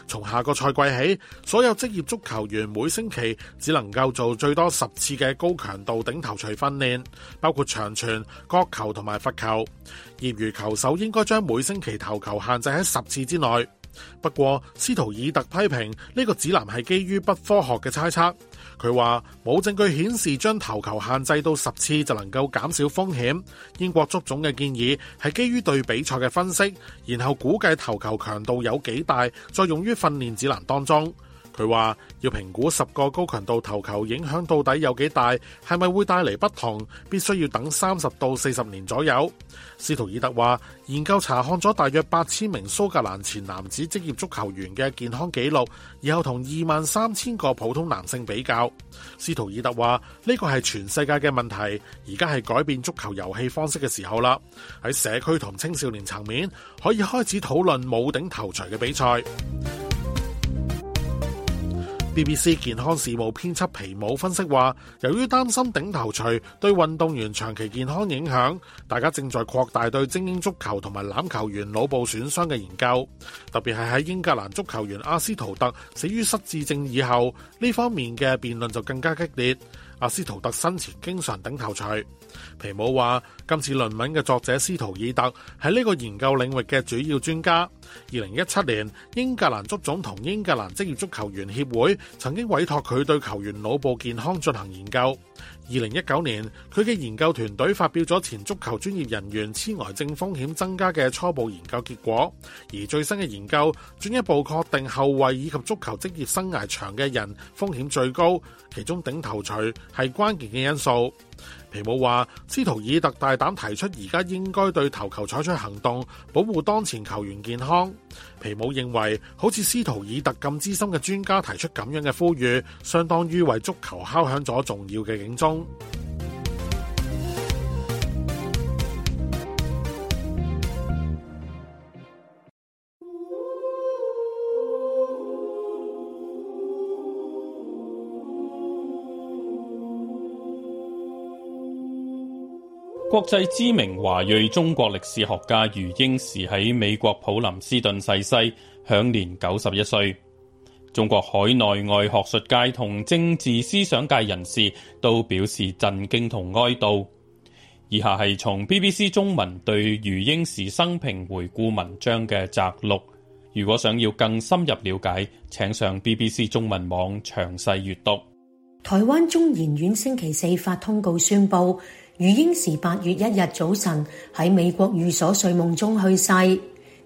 Speaker 5: 從下個賽季起，所有職業足球員每星期只能夠做最多十次嘅高強度頂頭槌訓練，包括長傳角球同埋罰球。業餘球手應該將每星期頭球限制喺十次之內。不過斯圖爾特批評呢個指南係基於不科學嘅猜測。佢話：冇證據顯示將頭球限制到十次就能夠減少風險。英國足總嘅建議係基於對比賽嘅分析，然後估計頭球強度有幾大，再用於訓練指南當中。佢話要評估十個高強度頭球影響到底有幾大，係咪會帶嚟不同，必須要等三十到四十年左右。斯圖爾特話，研究查看咗大約八千名蘇格蘭前男子職業足球員嘅健康記錄，然後同二萬三千個普通男性比較。斯圖爾特話，呢個係全世界嘅問題，而家係改變足球遊戲方式嘅時候啦。喺社區同青少年層面，可以開始討論冇頂頭錘嘅比賽。BBC 健康事務編輯皮姆分析話，由於擔心頂頭錘對運動員長期健康影響，大家正在擴大對精英足球同埋欖球員腦部損傷嘅研究，特別係喺英格蘭足球員阿斯圖特死於失智症以後，呢方面嘅辯論就更加激烈。阿斯圖特生前經常頂頭錘。皮姆話：今次論文嘅作者斯圖爾特係呢個研究領域嘅主要專家。二零一七年，英格蘭足總同英格蘭職業足球員協會曾經委託佢對球員腦部健康進行研究。二零一九年，佢嘅研究團隊發表咗前足球專業人員痴呆症風險增加嘅初步研究結果，而最新嘅研究進一步確定後衛以及足球職業生涯長嘅人風險最高，其中頂頭錘係關鍵嘅因素。皮姆話：斯圖爾特大膽提出，而家應該對頭球採取行動，保護當前球員健康。皮姆認為，好似斯圖爾特咁資深嘅專家提出咁樣嘅呼籲，相當於為足球敲響咗重要嘅警鐘。
Speaker 1: 國際知名華裔中國歷史學家余英時喺美國普林斯頓逝世，世，享年九十一歲。中國海內外學術界同政治思想界人士都表示震驚同哀悼。以下係從 BBC 中文對余英時生平回顧文章嘅摘錄。如果想要更深入了解，請上 BBC 中文網詳細閱讀。
Speaker 3: 台灣中研院星期四發通告宣布。余英時八月一日早晨喺美國寓所睡夢中去世，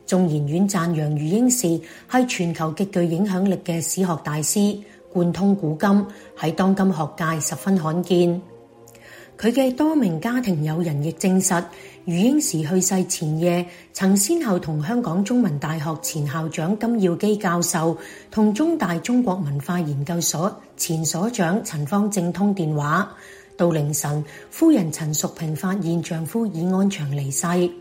Speaker 3: 中研院讚揚余英時係全球極具影響力嘅史學大師，貫通古今喺當今學界十分罕見。佢嘅多名家庭友人亦證實，余英時去世前夜曾先後同香港中文大學前校長金耀基教授同中大中國文化研究所前所長陳方正通電話。到凌晨，夫人陳淑平發現丈夫已安詳離世。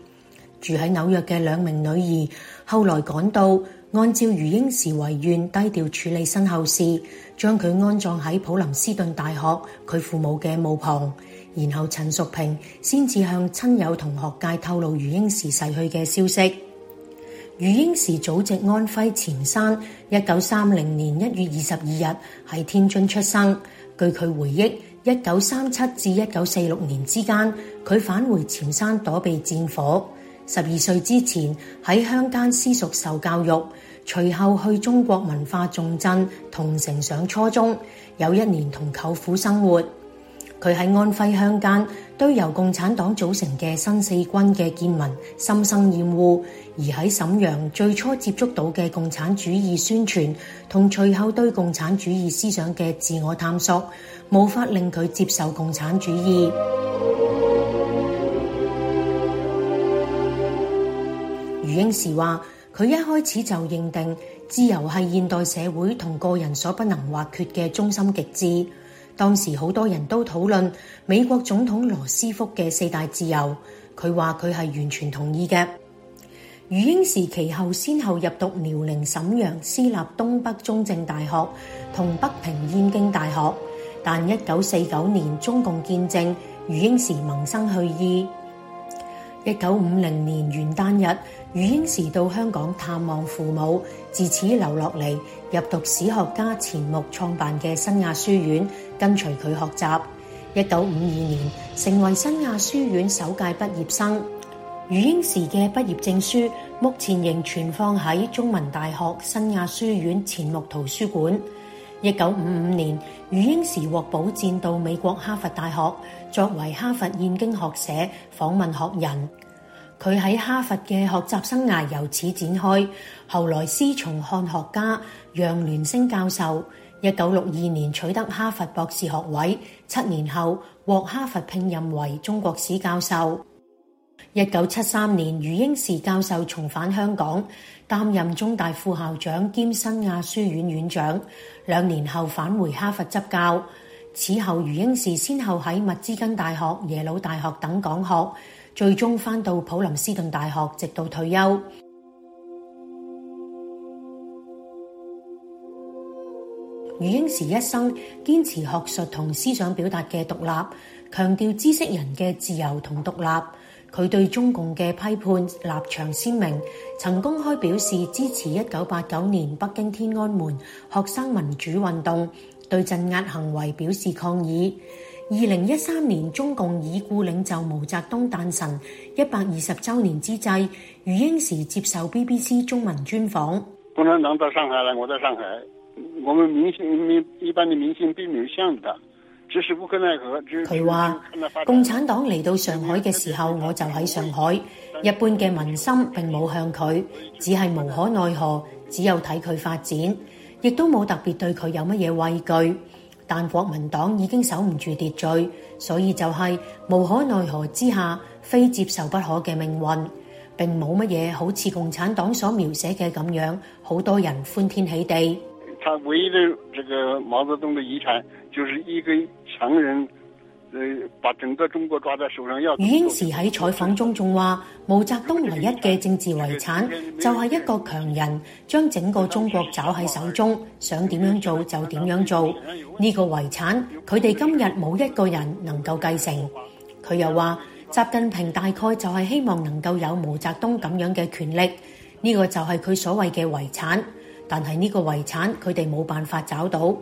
Speaker 3: 住喺紐約嘅兩名女兒後來趕到，按照余英時遺願低調處理身後事，將佢安葬喺普林斯頓大學佢父母嘅墓旁。然後陳淑平先至向親友、同學界透露余英時逝去嘅消息。余英時祖籍安徽潛山，一九三零年一月二十二日喺天津出生。據佢回憶。一九三七至一九四六年之間，佢返回潛山躲避戰火。十二歲之前喺鄉間私塾受教育，隨後去中國文化重鎮桐城上初中，有一年同舅父生活。佢喺安徽鄉間，對由共產黨組成嘅新四軍嘅見聞深生厭惡，而喺沈陽最初接觸到嘅共產主義宣傳同隨後對共產主義思想嘅自我探索，無法令佢接受共產主義。余英時話：佢一開始就認定自由係現代社會同個人所不能或缺嘅中心極致。當時好多人都討論美國總統羅斯福嘅四大自由，佢話佢係完全同意嘅。余英時其後先後入讀遼寧沈陽私立東北中正大學同北平燕京大學，但一九四九年中共建政，余英時萌生去意。一九五零年元旦日，余英時到香港探望父母，自此留落嚟入讀史學家錢穆創辦嘅新亞書院。跟隨佢學習，一九五二年成為新亞書院首屆畢業生。余英時嘅畢業證書目前仍存放喺中文大學新亞書院錢穆圖書館。一九五五年，余英時獲保薦到美國哈佛大學，作為哈佛燕京學社訪問學人。佢喺哈佛嘅學習生涯由此展開，後來師從漢學家楊聯陞教授。一九六二年取得哈佛博士學位，七年後獲哈佛聘任為中國史教授。一九七三年，余英時教授重返香港，擔任中大副校長兼新亞書院院長。兩年後返回哈佛執教，此後余英時先後喺密芝根大學、耶魯大學等講學，最終返到普林斯頓大學，直到退休。余英時一生堅持學術同思想表達嘅獨立，強調知識人嘅自由同獨立。佢對中共嘅批判立場鮮明，曾公開表示支持一九八九年北京天安門學生民主運動，對鎮壓行為表示抗議。二零一三年，中共已故領袖毛澤東誕辰一百二十周年之際，余英時接受 BBC 中文專訪。
Speaker 1: 共產黨在上
Speaker 5: 海啦，我在上海。我
Speaker 3: 佢話共產黨嚟到上海嘅時候，我就喺上海。一般嘅民心並冇向佢，只係無可奈何，只有睇佢發展，亦都冇特別對佢有乜嘢畏懼。但國民黨已經守唔住秩序，所以就係無可奈何之下，非接受不可嘅命運，並冇乜嘢好似共產黨所描寫嘅咁樣，好多人歡天喜地。
Speaker 5: 他唯一的這個毛澤東的遺產，就是一個強
Speaker 6: 人，誒，把整個中國抓在手上，要點做？余英
Speaker 3: 時喺採訪中仲話：毛澤東唯一嘅政治遺產就係一個強人，將整個中國抓喺手中，想點樣做就點樣做。呢個遺產，佢哋今日冇一個人能夠繼承。佢又話：習近平大概就係希望能夠有毛澤東咁樣嘅權力，呢個就係佢所謂嘅遺產。但係呢個遺產，佢哋冇辦法找到。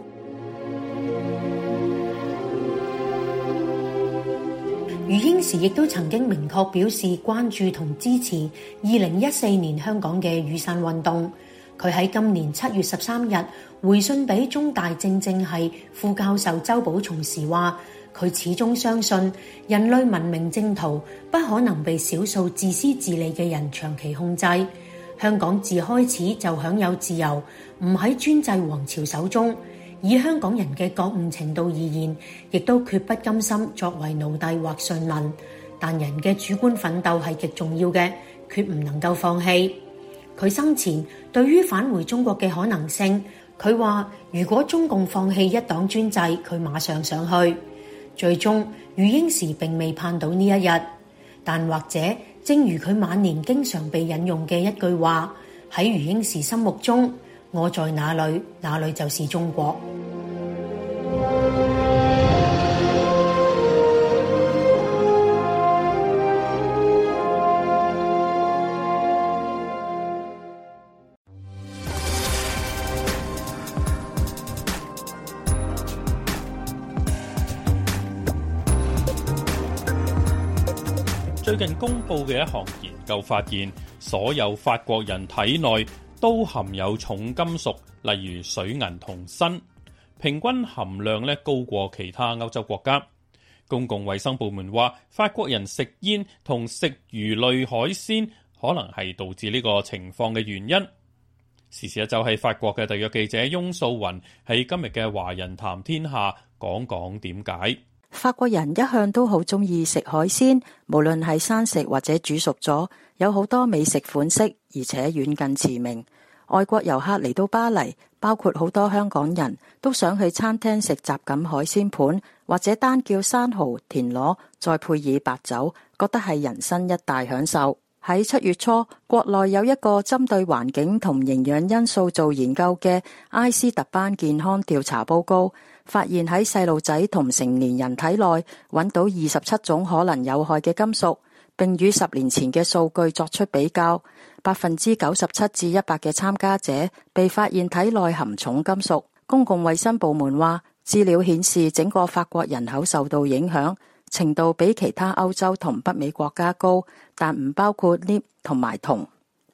Speaker 3: 余英時亦都曾經明確表示關注同支持二零一四年香港嘅雨傘運動。佢喺今年七月十三日回信俾中大正正係副教授周保松時話：佢始終相信人類文明正途不可能被少數自私自利嘅人長期控制。香港自開始就享有自由，唔喺專制皇朝手中。以香港人嘅覺悟程度而言，亦都絕不甘心作為奴隸或順民。但人嘅主觀奮鬥係極重要嘅，決唔能夠放棄。佢生前對於返回中國嘅可能性，佢話如果中共放棄一黨專制，佢馬上上去。最終，余英時並未盼到呢一日，但或者。正如佢晚年經常被引用嘅一句話，喺余英時心目中，我在哪裏，哪裏就是中國。
Speaker 1: 最近公布嘅一項研究發現，所有法國人體內都含有重金屬，例如水銀同砷，平均含量咧高過其他歐洲國家。公共衛生部門話，法國人食煙同食魚類海鮮可能係導致呢個情況嘅原因。時事就係法國嘅特約記者翁素雲喺今日嘅《華人談天下》講講點解。
Speaker 6: 法國人一向都好鍾意食海鮮，無論係生食或者煮熟咗，有好多美食款式，而且遠近馳名。外國遊客嚟到巴黎，包括好多香港人，都想去餐廳食雜錦海鮮盤，或者單叫生蠔、田螺，再配以白酒，覺得係人生一大享受。喺七月初，國內有一個針對環境同營養因素做研究嘅埃斯特班健康調查報告，發現喺細路仔同成年人體內揾到二十七種可能有害嘅金屬，並與十年前嘅數據作出比較。百分之九十七至一百嘅參加者被發現體內含重金屬。公共衛生部門話，資料顯示整個法國人口受到影響。程度比其他歐洲同北美國家高，但唔包括鎳同埋銅。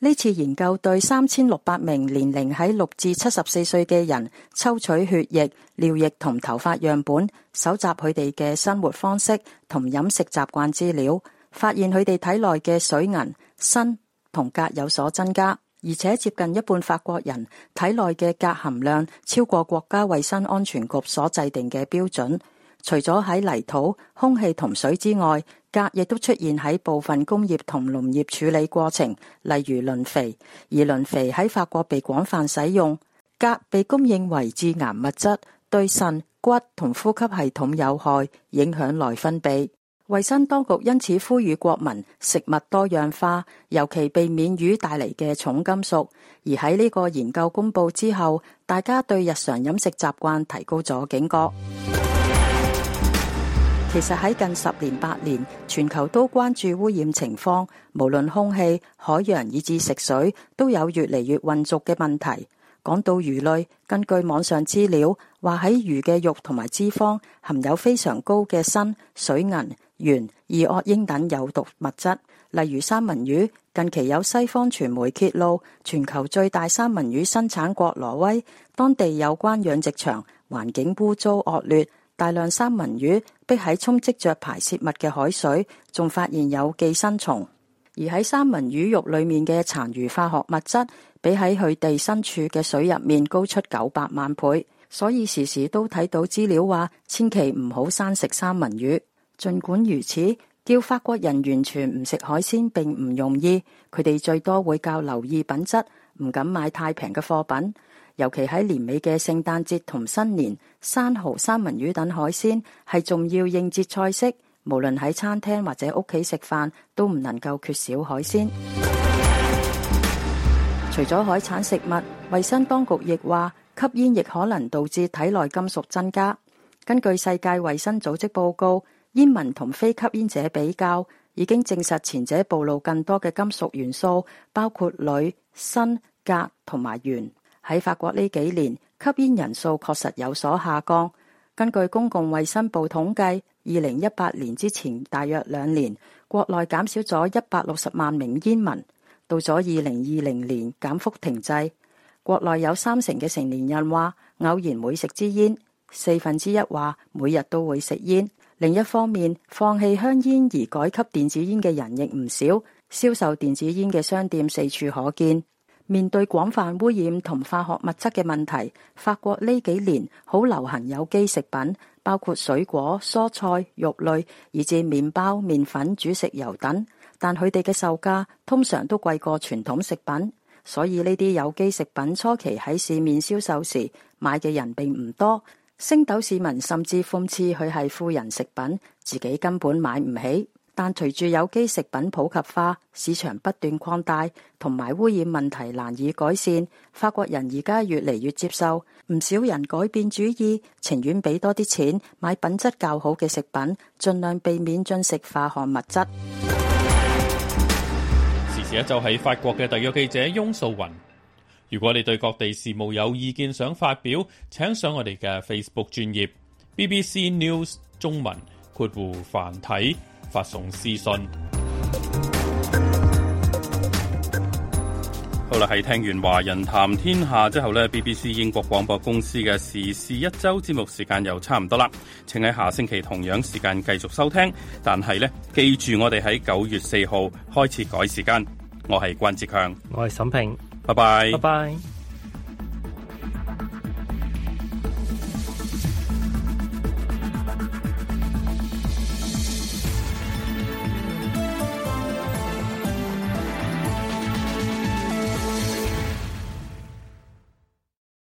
Speaker 6: 呢次研究對三千六百名年齡喺六至七十四歲嘅人抽取血液、尿液同頭髮樣本，搜集佢哋嘅生活方式同飲食習慣資料，發現佢哋體內嘅水銀、砷同鎘有所增加，而且接近一半法國人體內嘅鎘含量超過國家衛生安全局所制定嘅標準。除咗喺泥土、空氣同水之外，鎘亦都出現喺部分工業同農業處理過程，例如磷肥。而磷肥喺法國被廣泛使用，鎘被公認為致癌物質，對腎、骨同呼吸系統有害，影響內分泌。衞生當局因此呼籲國民食物多樣化，尤其避免魚帶嚟嘅重金屬。而喺呢個研究公佈之後，大家對日常飲食習慣提高咗警覺。其實喺近十年八年，全球都關注污染情況，無論空氣、海洋以至食水，都有越嚟越混濁嘅問題。講到魚類，根據網上資料，話喺魚嘅肉同埋脂肪含有非常高嘅砷、水銀、鉛、二惡英等有毒物質，例如三文魚。近期有西方傳媒揭露，全球最大三文魚生產國挪威，當地有關養殖場環境污糟惡劣。大量三文魚逼喺充斥着排泄物嘅海水，仲發現有寄生蟲。而喺三文魚肉裏面嘅殘餘化學物質，比喺佢哋身處嘅水入面高出九百萬倍。所以時時都睇到資料話，千祈唔好生食三文魚。盡管如此，叫法國人完全唔食海鮮並唔容易，佢哋最多會較留意品質，唔敢買太平嘅貨品。尤其喺年尾嘅聖誕節同新年，生蚝、三文魚等海鮮係重要應節菜式。無論喺餐廳或者屋企食飯，都唔能夠缺少海鮮。 除咗海產食物，衛生當局亦話吸煙亦可能導致體內金屬增加。根據世界衛生組織報告，煙民同非吸煙者比較，已經證實前者暴露更多嘅金屬元素，包括鋁、砷、鎘同埋鉛。喺法國呢幾年，吸煙人數確實有所下降。根據公共衛生部統計，二零一八年之前大約兩年，國內減少咗一百六十萬名煙民。到咗二零二零年，減幅停滯。國內有三成嘅成年人話偶然會食支煙，四分之一話每日都會食煙。另一方面，放棄香煙而改吸電子煙嘅人亦唔少，銷售電子煙嘅商店四處可見。面對廣泛污染同化學物質嘅問題，法國呢幾年好流行有機食品，包括水果、蔬菜、肉類，以至麵包、麵粉、煮食油等。但佢哋嘅售價通常都貴過傳統食品，所以呢啲有機食品初期喺市面銷售時，買嘅人並唔多。升斗市民甚至諷刺佢係富人食品，自己根本買唔起。但隨住有機食品普及化，市場不斷擴大，同埋污染問題難以改善，法國人而家越嚟越接受，唔少人改變主意，情願俾多啲錢買品質較好嘅食品，盡量避免進食化學物質。
Speaker 1: 時事一周係法國嘅特約記者翁素雲。如果你對各地事務有意見想發表，請上我哋嘅 Facebook 專頁 BBC News 中文括弧繁體。發送私信。好啦，係聽完華人談天下之後呢 BBC 英國廣播公司嘅時事一周節目時間又差唔多啦，請喺下星期同樣時間繼續收聽。但係呢，記住我哋喺九月四號開始改時間。我係關志強，
Speaker 2: 我係沈平，
Speaker 1: 拜拜，拜拜。